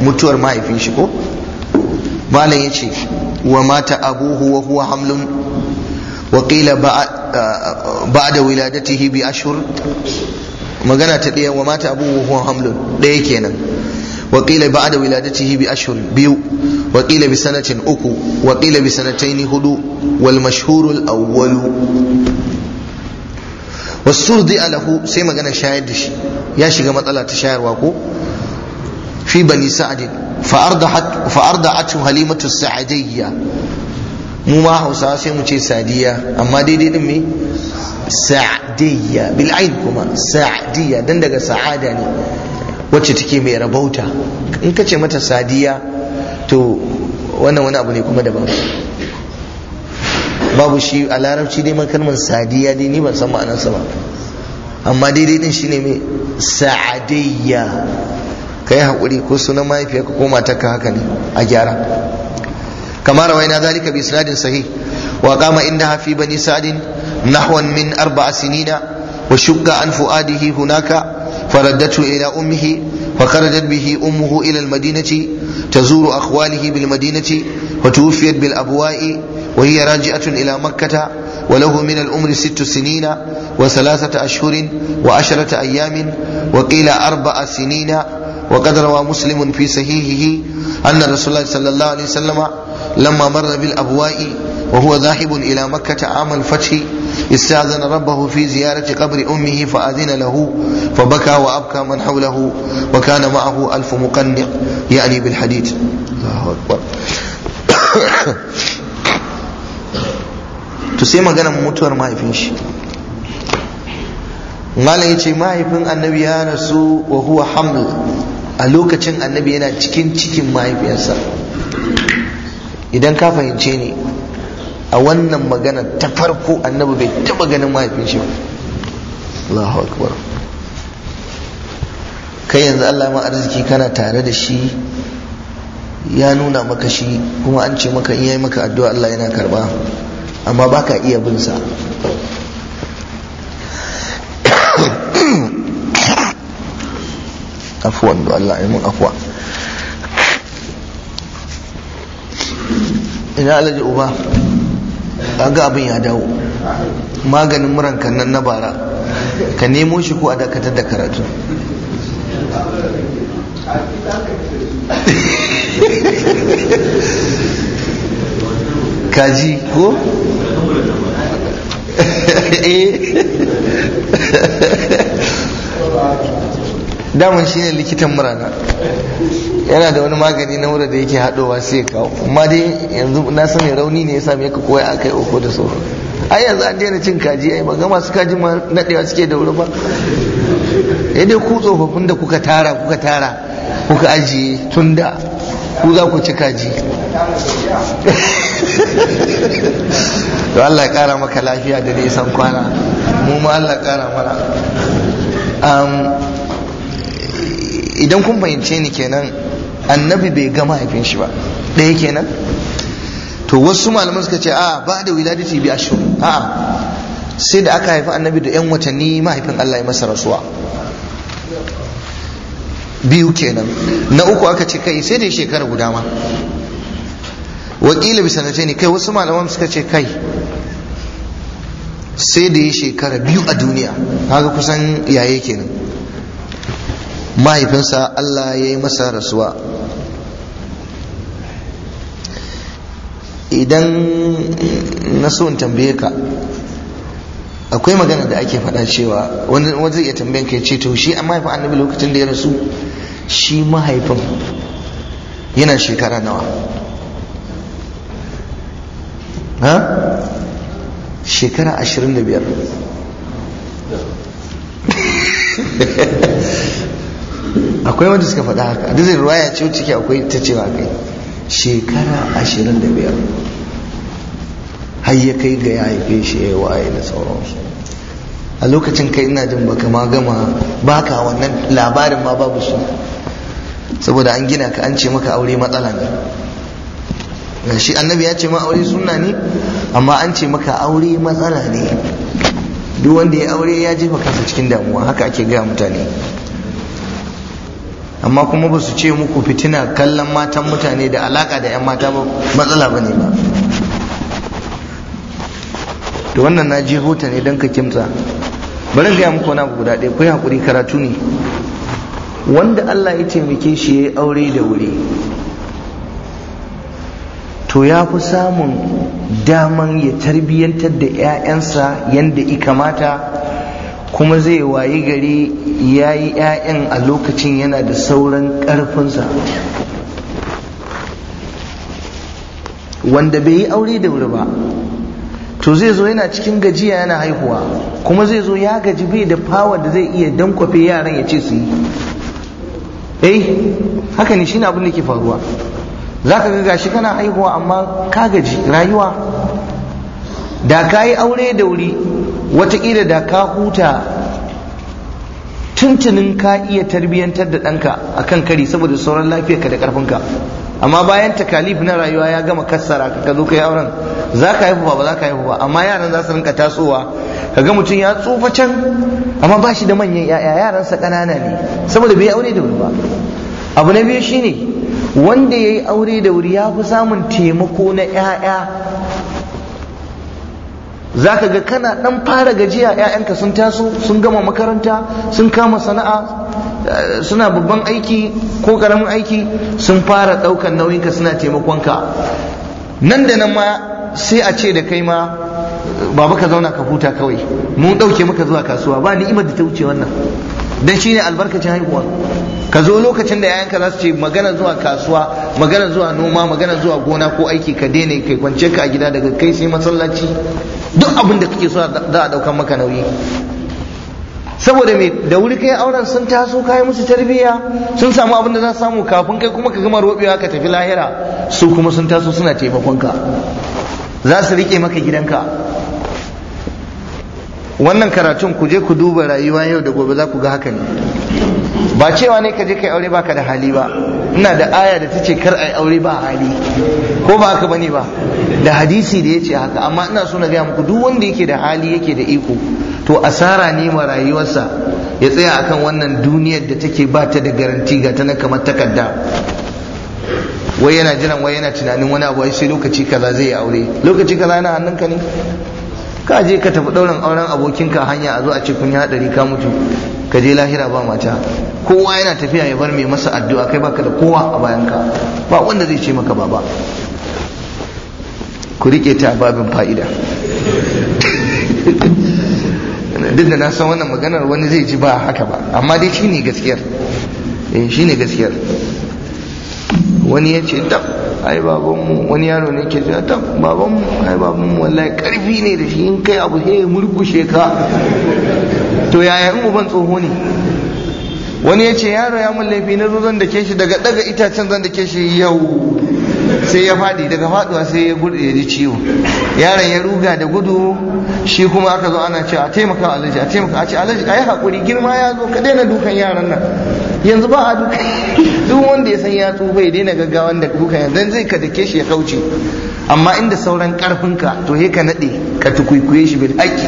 mutuwar mahaifin shi ko malam ya ce wa mata abuhu wa huwa hamlun wa qila ba'da wiladatihi bi ashur magana ta ɗaya wa mata abuhu wa huwa hamlun ɗaya kenan wa qila ba'da wiladatihi bi ashur biyu wa qila bi sanatin uku wa qila bi sanataini hudu wal mashhurul awwalu wasu dai alahu sai magana shayar da shi ya shiga matsala ta shayarwa ko fi bani sa'adin fa'arda hatu halimatu sa'adiyya mu ma hausawa sai mu ce sadiya amma daidai din me sa'adiyya bil kuma sa'adiyya dan daga sa'ada ne wacce take mai rabauta in ka ce mata sadiya to wannan wani abu ne kuma daban babu shi a larabci dai man kalman sadiya dai ni ban san ma'anar sa ba amma daidai din shine mai sa'adayya kai hakuri ko suna mahaifiya ko ka haka ne a gyara kama rawaina zalika bi sinadin sahih wa qama inda hafi bani sadin nahwan min arba'a sinina wa shugga an fu'adihi hunaka فردته إلى أمه فخرجت به أمه إلى المدينة تزور أخواله بالمدينة وتوفيت بالأبواء وهي راجعة إلى مكة وله من الأمر ست سنين وثلاثة أشهر وعشرة أيام وقيل أربع سنين وقد روى مسلم في صحيحه أن رسول الله صلى الله عليه وسلم لما مر بالأبواء وهو ذاهب إلى مكة عام الفتح استأذن ربه في زيارة قبر أمه فأذن له فبكى وأبكى من حوله وكان معه ألف مقنع يعني بالحديد الله أكبر تسيما قال متور ما يفنش malam yace mahaifin annabi ya rasu wa huwa haml a lokacin annabi yana cikin cikin mahaifiyarsa idan ka fahimce ni a wannan magana ta farko annabi bai taba ganin mahaifin shi ba Allahu akbar kai yanzu Allah ma arziki kana tare da shi ya nuna maka shi kuma an ce maka in yayi maka addu'a Allah yana karba amma baka iya bin sa afwan do Allah ya mun afwa ina alaji uba ga abin ya dawo maganin muran nan na bara ka nemo shi ko a dakatar da karatu kaji ko eh daman ne likitan murana yana da wani magani na mura da yake haɗowa sai kawo amma dai yanzu na sani rauni ne ya same ka koya kai oko da sauran ai yanzu an daina cin kaji ai gama masu kaji ma naɗewa suke da wuri ba ya dai ku tsofaffin da kuka tara kuka tara kuka ajiye tun da ku za ku ci kaji to Allah ya kara maka lafiya da nisan kwana mu ma Allah ya kara mana idan kun fahimce ni kenan annabi bai ga mahaifin shi ba ɗaya kenan to wasu malaman suka ce a ba da wiladati bi ashur a'a sai da aka haifi annabi da yan watanni mahaifin Allah ya masa rasuwa biyu kenan na uku aka ce kai sai da shekara guda ma wakila bisa na ne kai wasu malaman suka ce kai sai da ya shekara biyu a duniya kaga kusan yaye kenan mahaifinsa Allah ya yi masa rasuwa idan na so in tambaye ka akwai magana da ake faɗa cewa wani zai iya tambayan ka ya ce to shi an mahaifin annabi lokacin da ya rasu shi mahaifin yana shekara nawa ha shekara ashirin da biyar akwai wanda suka faɗa haka da zai ruwaya ce ciki akwai ta cewa kai shekara ashirin da biyar har ya kai ga ya haife shi ya yi waye da sauransu a lokacin kai ina jin baka ma gama baka wannan labarin ma babu su saboda an gina ka an ce maka aure matsala ne shi annabi ya ce ma aure sunna ne amma an ce maka aure matsala ne duk wanda ya aure ya jefa kansa cikin damuwa haka ake gaya mutane amma kuma ba su ce muku fitina kallon matan mutane da alaka da 'yan mata ba matsala ba ne ba da wannan na ji hota ne don ka kimta bari gaya muku na guda ɗaya kai hakuri karatu ne wanda Allah ya taimake shi ya yi aure da wuri to ya fi samun daman ya tarbiyyantar da 'ya'yansa yadda ikamata kuma zai wayi gari ya yi 'ya'yan a lokacin yana da sauran ƙarfinsa wanda bai yi aure da wuri ba to zai zo yana cikin gajiya yana haihuwa kuma zai zo ya gaji bai da fawa da zai iya dankwafe yaran ya ce su yi eh haka ne shi abin da ke faruwa za ka ga gashi kana haihuwa amma ka gaji rayuwa da ka yi aure da wuri wataƙila da ka huta tuntunin ka iya tarbiyyantar da ɗanka a kan kari saboda sauran lafiyarka da ƙarfinka amma bayan takalif na rayuwa ya gama kassara ka zo ka yi auren za ka haihu ba ba za ka haihu ba amma yaran za su rinka tasowa ka ga mutum ya tsufa can amma ba shi da manyan yaya yaransa ƙanana ne saboda bai aure da wuri ba abu na biyu shine wanda ya yi aure da wuri ya fi samun taimako na 'ya'ya za ka ga kana ɗan fara gajiya 'ya'yanka sun taso sun gama makaranta sun kama sana'a eh, suna babban aiki ko karamin aiki sun fara ɗaukan nauyinka suna taimakonka nan da nan ma sai a ce da kai ma baba ka zauna ka huta kawai mun dauke maka zuwa kasuwa ba ni'imar da ta wuce wannan dan shine albarkacin haihuwa ka zo lokacin da yayanka za su ce magana zuwa kasuwa magana zuwa noma magana zuwa gona ko aiki ka daina kai kwance ka a gida daga kai sai masallaci duk abin da kake so za a daukan maka nauyi saboda mai da wuri kai auren sun taso kai musu tarbiyya sun samu abin da za su samu kafin kai kuma ka gama robewa ka tafi lahira su kuma sun taso suna taimakon ka za su rike maka gidanka wannan karatun ku je ku duba rayuwa yau da gobe za ku ga haka ne ba cewa ne ka je kai aure baka da hali ba ina da aya da tace kar ai aure ba hali ko ba haka bane ba da hadisi da yace haka amma ina so na gaya muku duk wanda yake da hali yake da iko to asara ne ma rayuwarsa ya tsaya akan wannan duniyar da take ba ta da garanti ga ta na kamar takarda wai yana jiran wai yana tunanin wani abu sai lokaci kaza zai aure lokaci kaza yana hannunka ne ka je ka tafi ɗaurin auren abokinka hanya a zo a ce kun yi haɗari ka mutu ka je lahira ba mata kowa yana tafiya ya bar mai masa addu'a kai baka da kowa a bayan ka. ba wanda zai ce maka baba ku rike ta babin fa'ida duk da na san wannan maganar wani zai ji ba haka ba amma dai shine gaskiyar eh shine gaskiyar wani ya ce ai babanmu wani yaro ne ke cewa ta babanmu ai babanmu wallahi karfi ne da shi in kai abu he murkushe ka to yaya in uban tsoho ne wani ya ce yaro ya mun laifi na zan da ke shi daga daga itacen zan da ke shi yau sai ya fadi daga faduwa sai ya gudu ya ji ciwo yaron ya ruga da gudu shi kuma aka zo ana cewa a taimaka alaji a taimaka a ce alaji a yi haƙuri girma ya zo ka daina dukan yaran nan yanzu ba a duka duk wanda ya san ya tsufa ya daina gaggawa da duka yanzu zai ka dake shi ya kauce amma inda sauran karfinka to he ka nade ka tukuikuye shi bil aiki.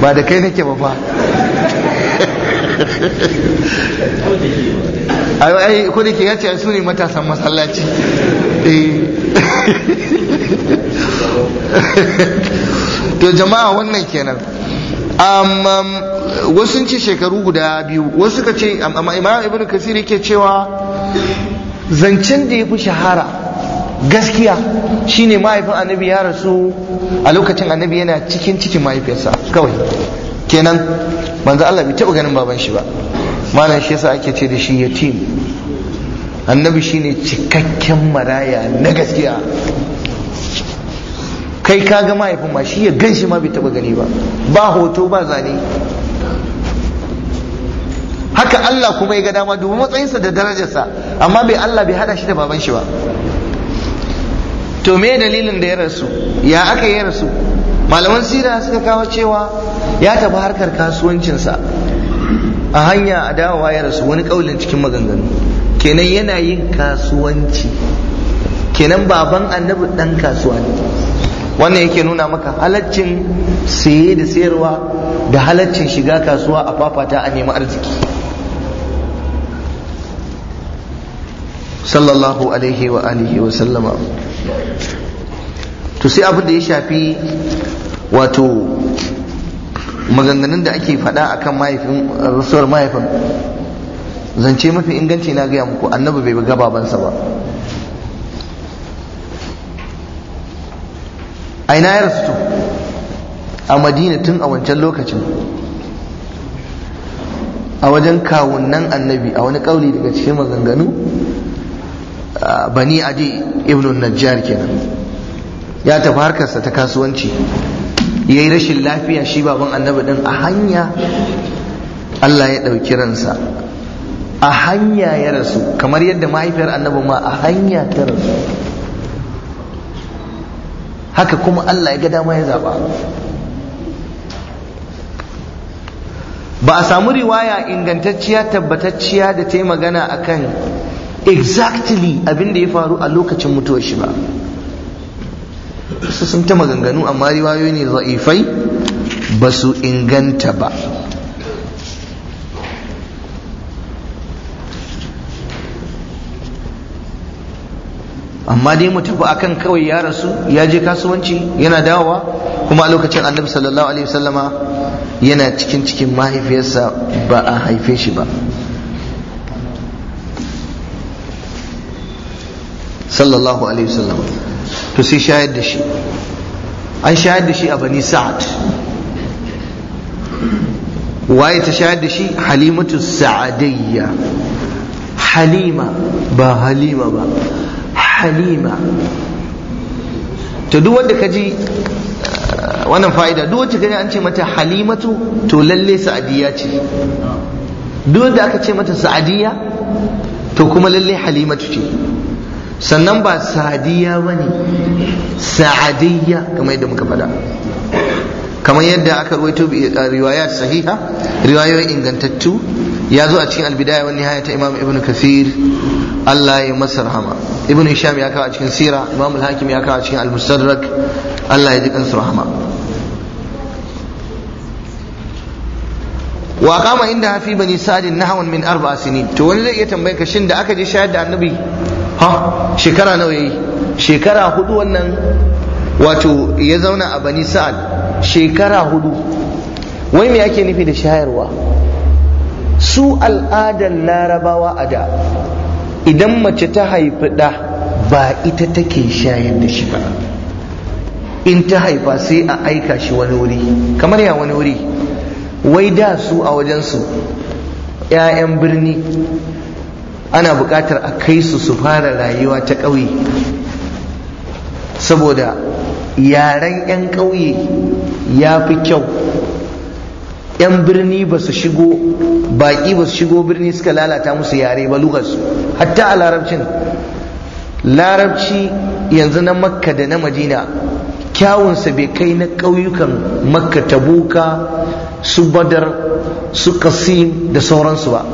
ba da kai nake ba ba ai ko da ke ya ce su ne matasan masallaci eh. to jama'a wannan kenan wasu ce shekaru guda biyu wasu ka ce amma imam ibn kasir yake cewa zancen da ya fi shahara gaskiya shine mahaifin annabi ya rasu a lokacin annabi yana cikin cikin mahaifiyarsa kawai kenan banza Allah bai taɓa ganin baban shi ba malam shi yasa ake ce da shi yatim annabi shine cikakken maraya na gaskiya kai ka ga mahaifin ma shi ya gan shi ma bai taba gani ba ba hoto ba zane haka Allah kuma ya ga dama dubu matsayinsa da darajarsa amma bai Allah bai hada shi da baban shi ba to me dalilin da ya rasu ya aka ya rasu malaman sira suka kawo cewa ya tafi harkar kasuwancinsa a hanya a dawowa ya rasu wani kaulin cikin maganganu kenan yana yin kasuwanci kenan baban annabi dan kasuwa ne wannan yake nuna maka halaccin saye da sayarwa da halaccin shiga kasuwa a fafata a nemi arziki sallallahu alaihi wa alihi wa sallama to sai abin da ya shafi wato maganganun da ake faɗa akan mahaifin rasuwar mahaifin zance mafi inganci na gaya muku annabi bai ga babansa ba a ina ya rasu a madina tun a wancan lokacin a wajen kawunan annabi a wani kauli daga cikin maganganu bani adi ibn najjar kenan ya tafi harkarsa ta kasuwanci ya yi rashin lafiya shi baban annabi din a hanya allah ya ɗauki ransa a hanya ya rasu kamar yadda mahaifiyar annabi ma a hanya ta rasu haka kuma Allah ya ga dama ya zaba ba a samu riwaya ingantacciya tabbatacciya da ta yi magana akan exactly abin da ya faru a lokacin mutuwar shi ba su sun ta maganganu amma riwayoyi ne za'ifai ba su inganta ba amma dai mu tafi akan kawai ya rasu ya je kasuwanci yana dawowa kuma a lokacin annabi sallallahu alaihi wasallama yana cikin cikin mahaifiyarsa ba a haife shi ba sallallahu alaihi wasallam to sai shayar da shi an shayar da shi a bani sa'ad waye ta shayar da shi halimatu sa'adiyya halima ba halima ba halima to duk wanda ka ji uh, wannan fa'ida duk wacce kaji an ce mata halimatu to lalle sa'adiyya ce duk wanda aka ce mata sa'adiyya to kuma lalle halimatu ce sannan ba sa'adiyya ba ne sa'adiyya kamar yadda muka faɗa kamar yadda aka ruwaito uh, riwayat sahiha riwayoyin ingantattu ya zo a cikin albidaya wani haya ta imam ibn kafir Allah ya masa rahama ibn hisham ya kawo cikin sira imam al-hakim ya kawo cikin al-mustadrak Allah ya ji kansu rahama wa kama inda hafi bani sadin nahwan min arba sinin to wani zai iya tambaye ka shin da aka je shayar da annabi ha shekara nawa yayi shekara hudu wannan wato ya zauna a bani sa'ad shekara hudu wai me ake nufi da shayarwa su al'adar larabawa a da idan mace ta haifi ɗa ba ita take shayar da shi ba in ta haifa sai a aika shi wani wuri kamar ya wani wuri wai da su a su 'ya'yan birni ana buƙatar a kai su su fara rayuwa ta ƙauye saboda yaren 'yan ƙauye ya fi kyau 'yan birni ba su shigo baƙi ba su shigo birni suka lalata musu yare ba lugarsu hatta a larabcin larabci yanzu na makka da na madina kyawunsa bai kai na ƙauyukan makka ta buka su badar su kasim da sauransu ba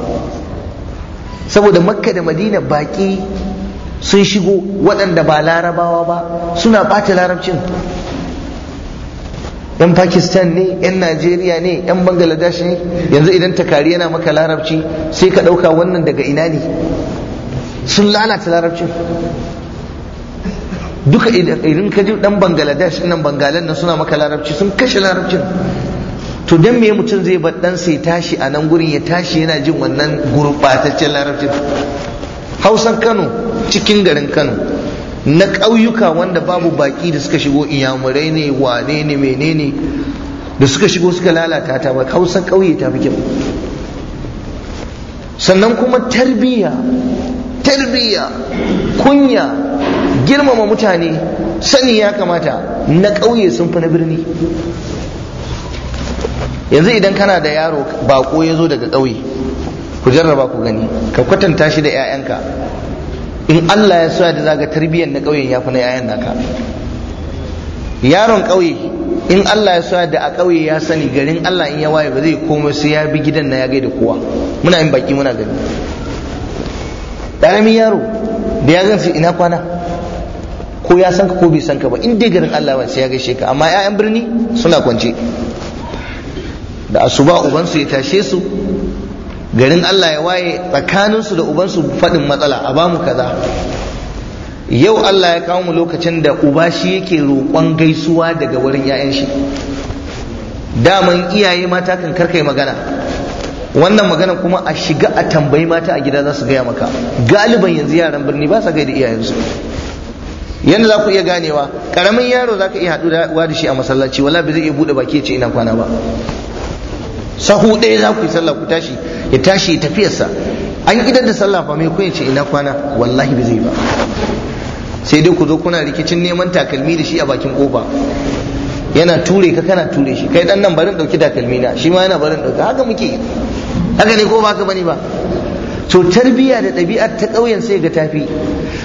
saboda makka da madina baƙi sun shigo waɗanda ba larabawa ba suna ɓata larabcin yan pakistan ne yan najeriya ne yan bangladesh ne yanzu idan takari yana maka larabci sai ka ɗauka wannan daga ina ne sun lalata larabcin duka idan ka ji dan bangladesh nan bangalan nan suna maka larabci sun kashe larabcin to dan me mutum zai bar dan sai tashi a nan gurin ya tashi yana jin wannan gurbataccen larabcin hausan kano cikin garin kano na ƙauyuka wanda babu baƙi da suka shigo iyamurai ne wane ne menene da suka shigo suka lalata ta ba hausa ƙauye ta fi kyau sannan kuma tarbiyya tarbiyya kunya girmama mutane sani ya kamata na ƙauye sun fi na birni yanzu idan kana da yaro bako ya zo daga ƙauye ku jarraba ku gani ka kwatanta shi da 'ya'yanka in Allah ya so da zaga tarbiyyar na ƙauyen ya fi na yayan naka yaron ƙauye in Allah ya so da a ƙauye ya sani garin Allah in ya waye ba zai komai sai ya bi gidan na ya gaida kowa muna yin baki muna gani ƙaramin yaro da ya gansu ina kwana ko ya san ka ko bai san ka ba in dai garin Allah ba sai ya gaishe ka amma 'ya'yan birni suna kwance da asuba ubansu ya tashe su garin Allah ya waye tsakaninsu da ubansu faɗin matsala a bamu kaza yau Allah ya kawo mu lokacin da uba shi yake roƙon gaisuwa daga wurin 'ya'yan shi daman iyaye mata kan karkai magana wannan magana kuma a shiga a tambayi mata a gida za su gaya maka galiban yanzu yaran birni ba sa gaida iyayensu yanda za ku iya ganewa karamin yaro za ka iya haɗu da shi a masallaci wala ba zai iya buɗe baki ya ce ina kwana ba sahu ɗaya za ku yi sallah ku tashi ya tashi ya tafiyarsa an idan da sallah ba mai kun ce ina kwana wallahi ba zai ba sai dai ku zo kuna rikicin neman takalmi da shi a bakin ƙofa. yana ture ka kana ture shi kai dan nan barin dauki takalmi na shi ma yana barin ɗauki haka muke haka ne ko ba ka bani ba to tarbiya da ɗabi'a ta ƙauyen sai ga tafi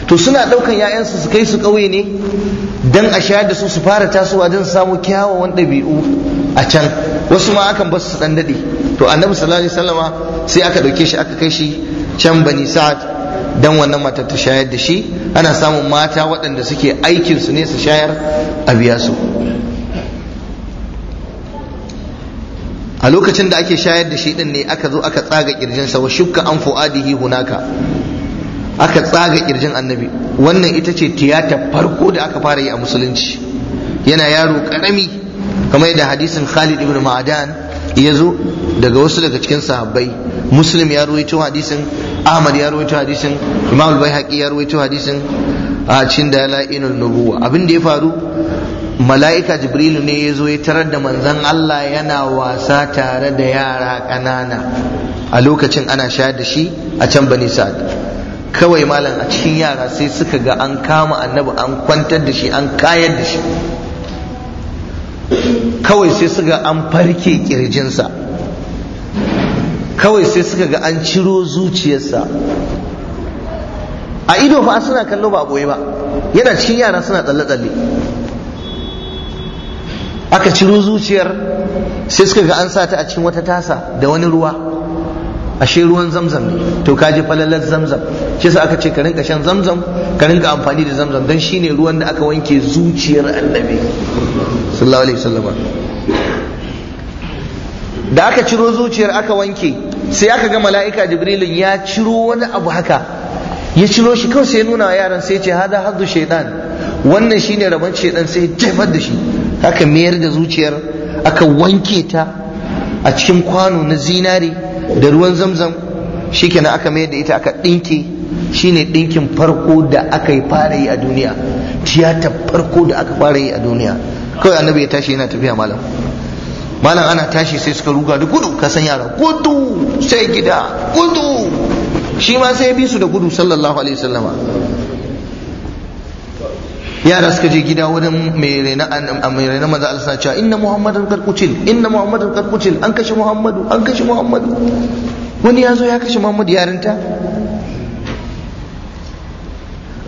to suna ɗaukan 'ya'yansu su kai su ƙauye ne don a shayar da su su fara tasowa don samu kyawawan ɗabi'u a can wasu ma akan basu su dan dade to annabi sallallahu alaihi wasallama sai aka dauke shi aka kai shi can bani sa'ad dan wannan matar ta shayar da shi ana samun mata waɗanda suke aikin su ne su shayar a biya su a lokacin da ake shayar da shi din ne aka zo aka tsaga sa, wa shukka an fu'adihi hunaka aka tsaga kirjin annabi wannan ita ce tiyata farko da aka fara yi a musulunci yana yaro karami kamar yadda hadisin Khalid ibn Ma'adan ya zo daga wasu daga cikin sahabbai Muslim ya ruwaito hadisin Ahmad ya ruwaito hadisin Imam al-Baihaqi ya ruwaito hadisin a cikin dalailun nubuwa abin da ya faru mala'ika Jibrilu ne ya zo ya tarar da manzon Allah yana wasa tare da yara ƙanana a lokacin ana shayar da shi a can Bani Sa'ad kawai malam a cikin yara sai suka ga an kama annabi an kwantar da shi an kayar da shi kawai sai suka an farke kirjinsa kawai sai suka ga an ciro zuciyarsa a ido fa suna kallo ba a boye ba yana cikin yara suna tsalle-tsalle aka ciro zuciyar sai suka ga an sa ta a cikin wata tasa da wani ruwa ashe ruwan zamzam ne to ji falalar zamzam shi sa aka ce ka rinka shan zamzam ka rinka amfani da zamzam don shine ruwan da aka wanke zuciyar annabi sallallahu alaihi wasallam da aka ciro zuciyar aka wanke sai aka ga mala'ika jibrilun ya ciro wani abu haka ya ciro shi kawai sai nuna wa yaran sai ce hada haddu shaitan wannan shine rabon shaitan sai jefar da shi aka mayar da zuciyar aka wanke ta a cikin kwano na zinare da ruwan zamzam shikenan aka mayar da ita aka dinke shine dinkin farko da aka yi fara yi a duniya tiyatar farko da aka fara yi a duniya kawai annabi ya tashi yana tafiya malam malam ana tashi sai suka ruga da gudu ka san yara gudu sai gida gudu shi ma sai bi su da gudu sallallahu alaihi wasallama yara suka je gida wurin mai rena maza Allah sace inna muhammadan karkucil inna muhammadan karkucil an kashe muhammadu an kashe muhammadu wani ya zo ya kashe muhammadu yarinta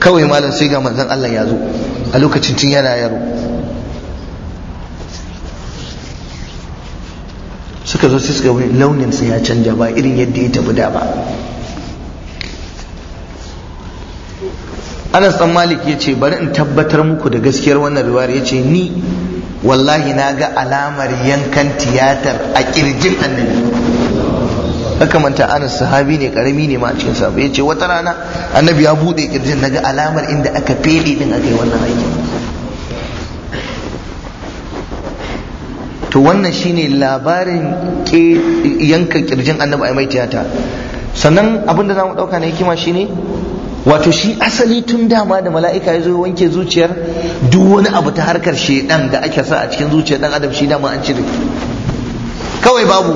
kawai malam sai ga manzon allah ya zo a lokacin tun yana yaro suka zo sai suka wani launin sa ya canja ba irin yadda ya tafi da ba Anas dan Malik ya ce bari in tabbatar muku da gaskiyar wannan riwayar ya ce ni wallahi na ga alamar yankan tiyatar a kirjin annabi haka manta Anas sahabi ne karami ne ma a cikin sahabi ya ce wata rana annabi ya bude kirjin ga alamar inda aka fede din aka yi wannan aikin to wannan shine labarin ke yanka kirjin annabi a mai tiyata sannan abin da zamu dauka na hikima shine wato shi asali tun dama da mala'ika ya zo wanke zuciyar duk wani abu ta harkar shedan da ake sa a cikin zuciyar dan adam shi dama an cire kawai babu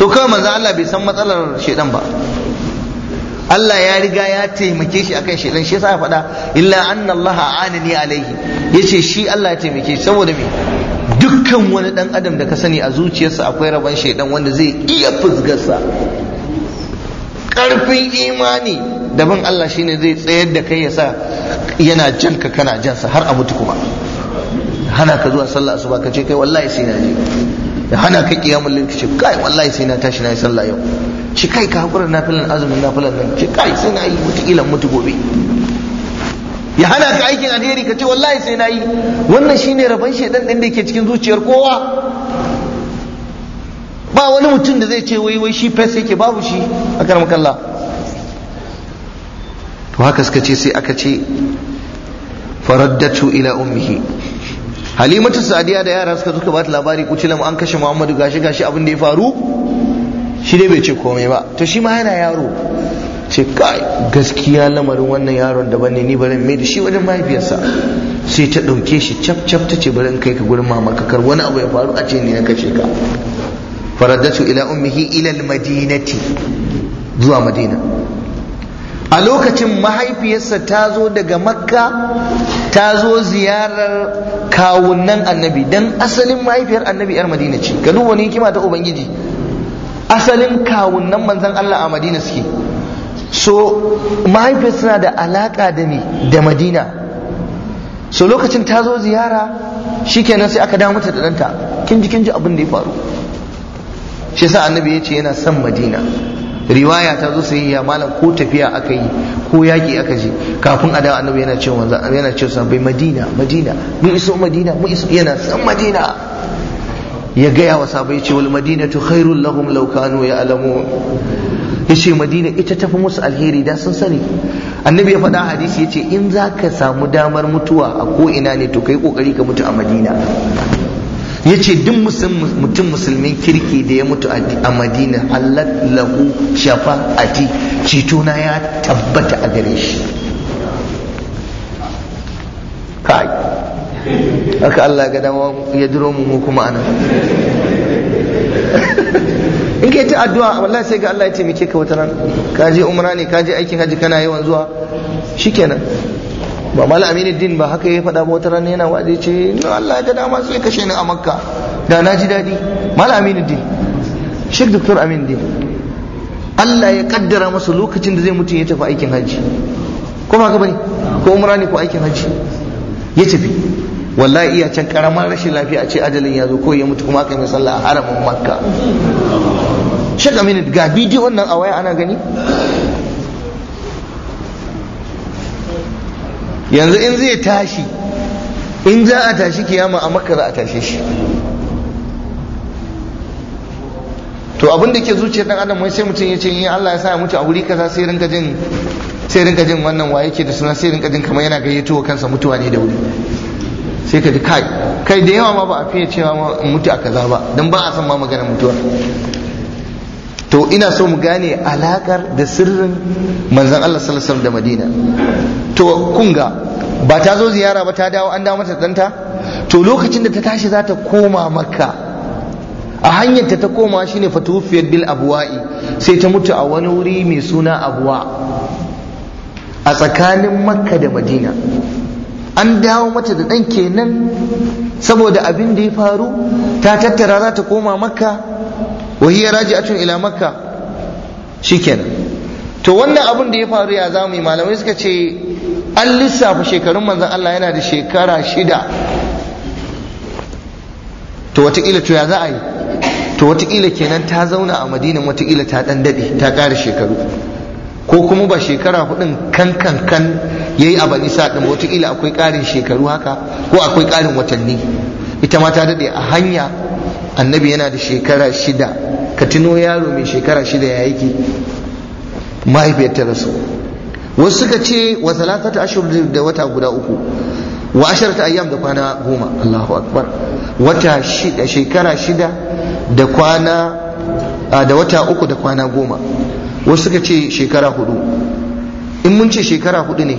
so kawai manzo Allah bai san matsalar shedan ba Allah ya riga ya taimake shi akan shedan shi yasa ya faɗa illa anna Allah anani alaihi yace shi Allah ya taimake shi saboda me dukkan wani dan adam da ka sani a zuciyarsa akwai rabon shedan wanda zai iya fusgarsa karfin imani daban Allah shine zai tsayar da kai yasa yana ka kana jansa har a mutu kuma hana ka zuwa sallah asuba ka ce kai wallahi sai na je ya hana ka kiyamun lail ce kai wallahi sai na tashi na yi sallah yau ci kai ka hakura na filan azumin na filan nan ci kai sai na yi ilan mutu gobe ya hana ka aikin alheri ka ce wallahi sai na yi wannan shine rabon shedan din da ke cikin zuciyar kowa ba wani mutum da zai ce wai wai shi fes yake babu shi a kalla to haka suka ce sai aka ce faraddatu ila ummihi halimatu sadiya da yara suka zuka bata labari kucilam an kashe muhammadu gashi gashi abin da ya faru shi dai bai ce komai ba to shi ma yana yaro ce kai gaskiya lamarin wannan yaron da ne ni barin mai da shi wajen mahaifiyarsa sai ta ɗauke shi cap cap ta ce barin kai ka gurin kar wani abu ya faru a ce ni na kashe ka faradatu ila ummihi ila almadinati zuwa madina a lokacin mahaifiyarsa ta zo daga makka ta zo ziyarar kawunan annabi dan asalin mahaifiyar annabi yar madina ce ga wani hikima ta ubangiji asalin kawunan manzon Allah a madina suke so mahaifiyar suna da alaka da ni da madina so lokacin ta zo ziyara shikenan sai aka dawo mata da ɗanta kin ji abin da ya faru shi sa annabi ya ce yana son madina riwaya ta zo sai ya malam ko tafiya aka yi ko yaki aka je kafin a da annabi yana cewa manzo yana cewa sahabbai madina madina mu iso madina mu iso yana san madina ya gaya wa sahabbai ce wal madinatu khairul lahum law kanu ya'lamu yace madina ita tafi musu alheri da sun sani annabi ya faɗa hadisi yace in zaka samu damar mutuwa a ko ina ne to kai kokari ka mutu a madina ya ce duk mutum musulmin kirki da ya mutu a madina allah lahu ti cetona ya tabbata a gare shi kai aka allah ga dama ya duro mu kuma ana in ka yi ta addu'a wallahi sai ga Allah ya taimake ka wata ran ka je umra ne ka je aikin hajji kana yawan zuwa shikenan ba mal din ba haka ya faɗa wata rana yana wa'azi ce na Allah ga dama sai kashe ni a makka da na ji daɗi mal din shek doktor amin din Allah ya kaddara masa lokacin da zai mutu ya tafi aikin haji ko ba bane ko umra ne ko aikin haji ya tafi wallahi iya can karamar rashin lafiya ce ajalin ya zo ko ya mutu kuma aka yi sallah a haramin makka shek amin ga bidiyon nan a waya ana gani yanzu in zai tashi in za a tashi kiyama a makka za a tashe shi to abin da ke zuciyar dan adam wai sai mutum ya ce in Allah ya sa ya mutu a wuri kaza sai rinka jin sai rinka jin wannan waye ke da suna sai rinka jin kamar yana gayyato wa kansa mutuwa ne da wuri sai ka ji kai kai da yawa ma ba a fiye cewa mutu a kaza ba dan ba a san ma maganar mutuwa to ina so mu gane alakar da sirrin manzan Allah sallallahu da Madina to kunga ba ta zo ziyara ba ta dawo an dawo mata danta to lokacin da ta tashi za ta koma makka a hanyar ta ta koma shine fatufiyar bil abuwa'i sai ta mutu a wani wuri mai suna abuwa a tsakanin makka da madina an dawo mata da ɗan kenan saboda abin da ya faru ta tattara za ta koma makka wa hiya raji'atun ila makka shikenan to wannan abin da ya faru ya zamu yi malamai suka ce an lissafa shekarun manzon Allah yana da shekara shida to watakila to ya za a yi to watakila kenan ta zauna a madina watakila ta ɗan daɗe ta ƙara shekaru ko kuma ba shekara hudun kan kan kan ya yi a bani ɗin Watakila akwai ƙarin shekaru haka ko akwai ƙarin watanni ita ma ta daɗe a hanya annabi yana da shekara shida ka tuno yaro mai shekara shida ya yake mahaifiyar ta rasu wasu suka ce wa talatata ashirin da wata guda uku wa asharata ayyam da kwana goma Allahu akbar wata shida shekara shida da kwana da wata uku da kwana goma wasu suka ce shekara hudu in mun ce shekara hudu ne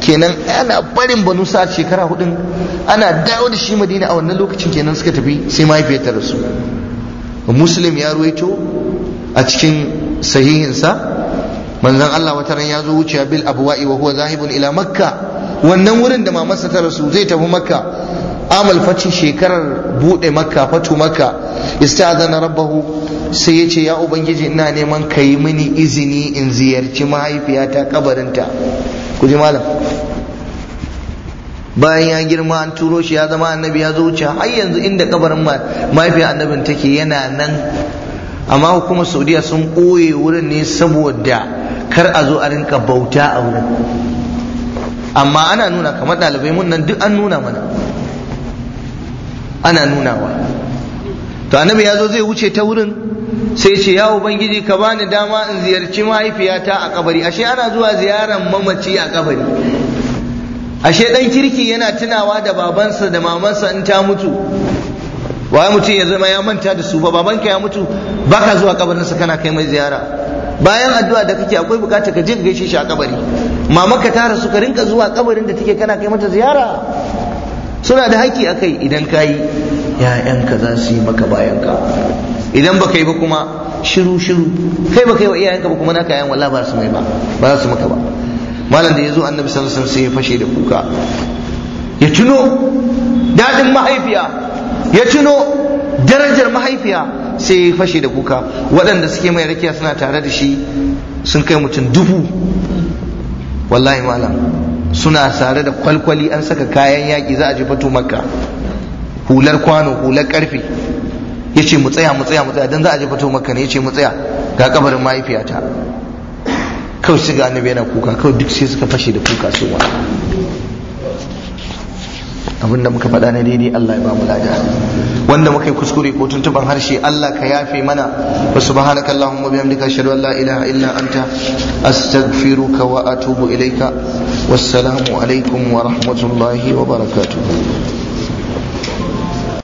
kenan ana barin banu sa shekara hudun ana dawo da shi madina a wannan lokacin kenan suka tafi sai mahaifiyar ta rasu muslim ya ruwaito a cikin sahihinsa manzon Allah wata ran ya zo wuciya bil abwa'i wa huwa zahibun ila makka wannan wurin da mamarsa ta rasu zai tafi makka amal facin shekarar bude makka fatu makka istazana rabbahu sai ya ce ya ubangiji ina neman ka yi mini izini in ziyarci mahaifiyata kabarinta ku ji malam bayan ya girma an turo shi ya zama annabi ya zo wuce har yanzu inda kabarin mafi annabin take yana nan amma hukumar saudiya sun koye wurin ne saboda kar a zo a rinka bauta a wurin amma ana nuna kamar ɗalibai mun nan duk an nuna mana ana nunawa to annabi ya zo zai wuce ta wurin sai ce ya ubangiji ka bani dama in ziyarci mahaifiyata a kabari ashe ana zuwa ziyaran mamaci a kabari ashe dan kirki yana tunawa da babansa da mamansa in ta mutu wai mutum ya zama ya manta da su ba babanka ya mutu baka zuwa kabarinsa kana kai mai ziyara bayan addu'a da kake akwai bukata ka je ka gaishe shi a kabari mamanka ta rasu ka rinka zuwa kabarin da take kana kai mata ziyara suna da haƙƙi akai idan kayi ya'yanka za su yi maka bayanka. idan ba yi ba kuma shiru shiru kai ba kai wa iyayenka ba kuma naka yayan wallahi ba su mai ba ba za su maka ba malam da yazo annabi sallallahu alaihi wasallam sai ya fashe da kuka ya tuno dadin mahaifiya ya tuno darajar mahaifiya sai ya fashe da kuka waɗanda suke mai rakiya suna tare da shi sun kai mutum dubu wallahi malam suna sare da kwalkwali an saka kayan yaki za a je fato makka hular kwano hular ƙarfe yace mu tsaya mu tsaya mu tsaya dan za a je fito maka ne yace mu tsaya ga kabarin mahaifiyata kawai shiga annabi yana kuka kawai duk sai suka fashe da kuka su ma abin da muka faɗa na daidai Allah ya ba mu lada wanda muka yi kuskure ko tuntuban harshe Allah ka yafe mana wa subhanaka allahumma bihamdika ashhadu an la ilaha illa anta astaghfiruka wa atubu ilaika wassalamu alaikum wa rahmatullahi wa barakatuh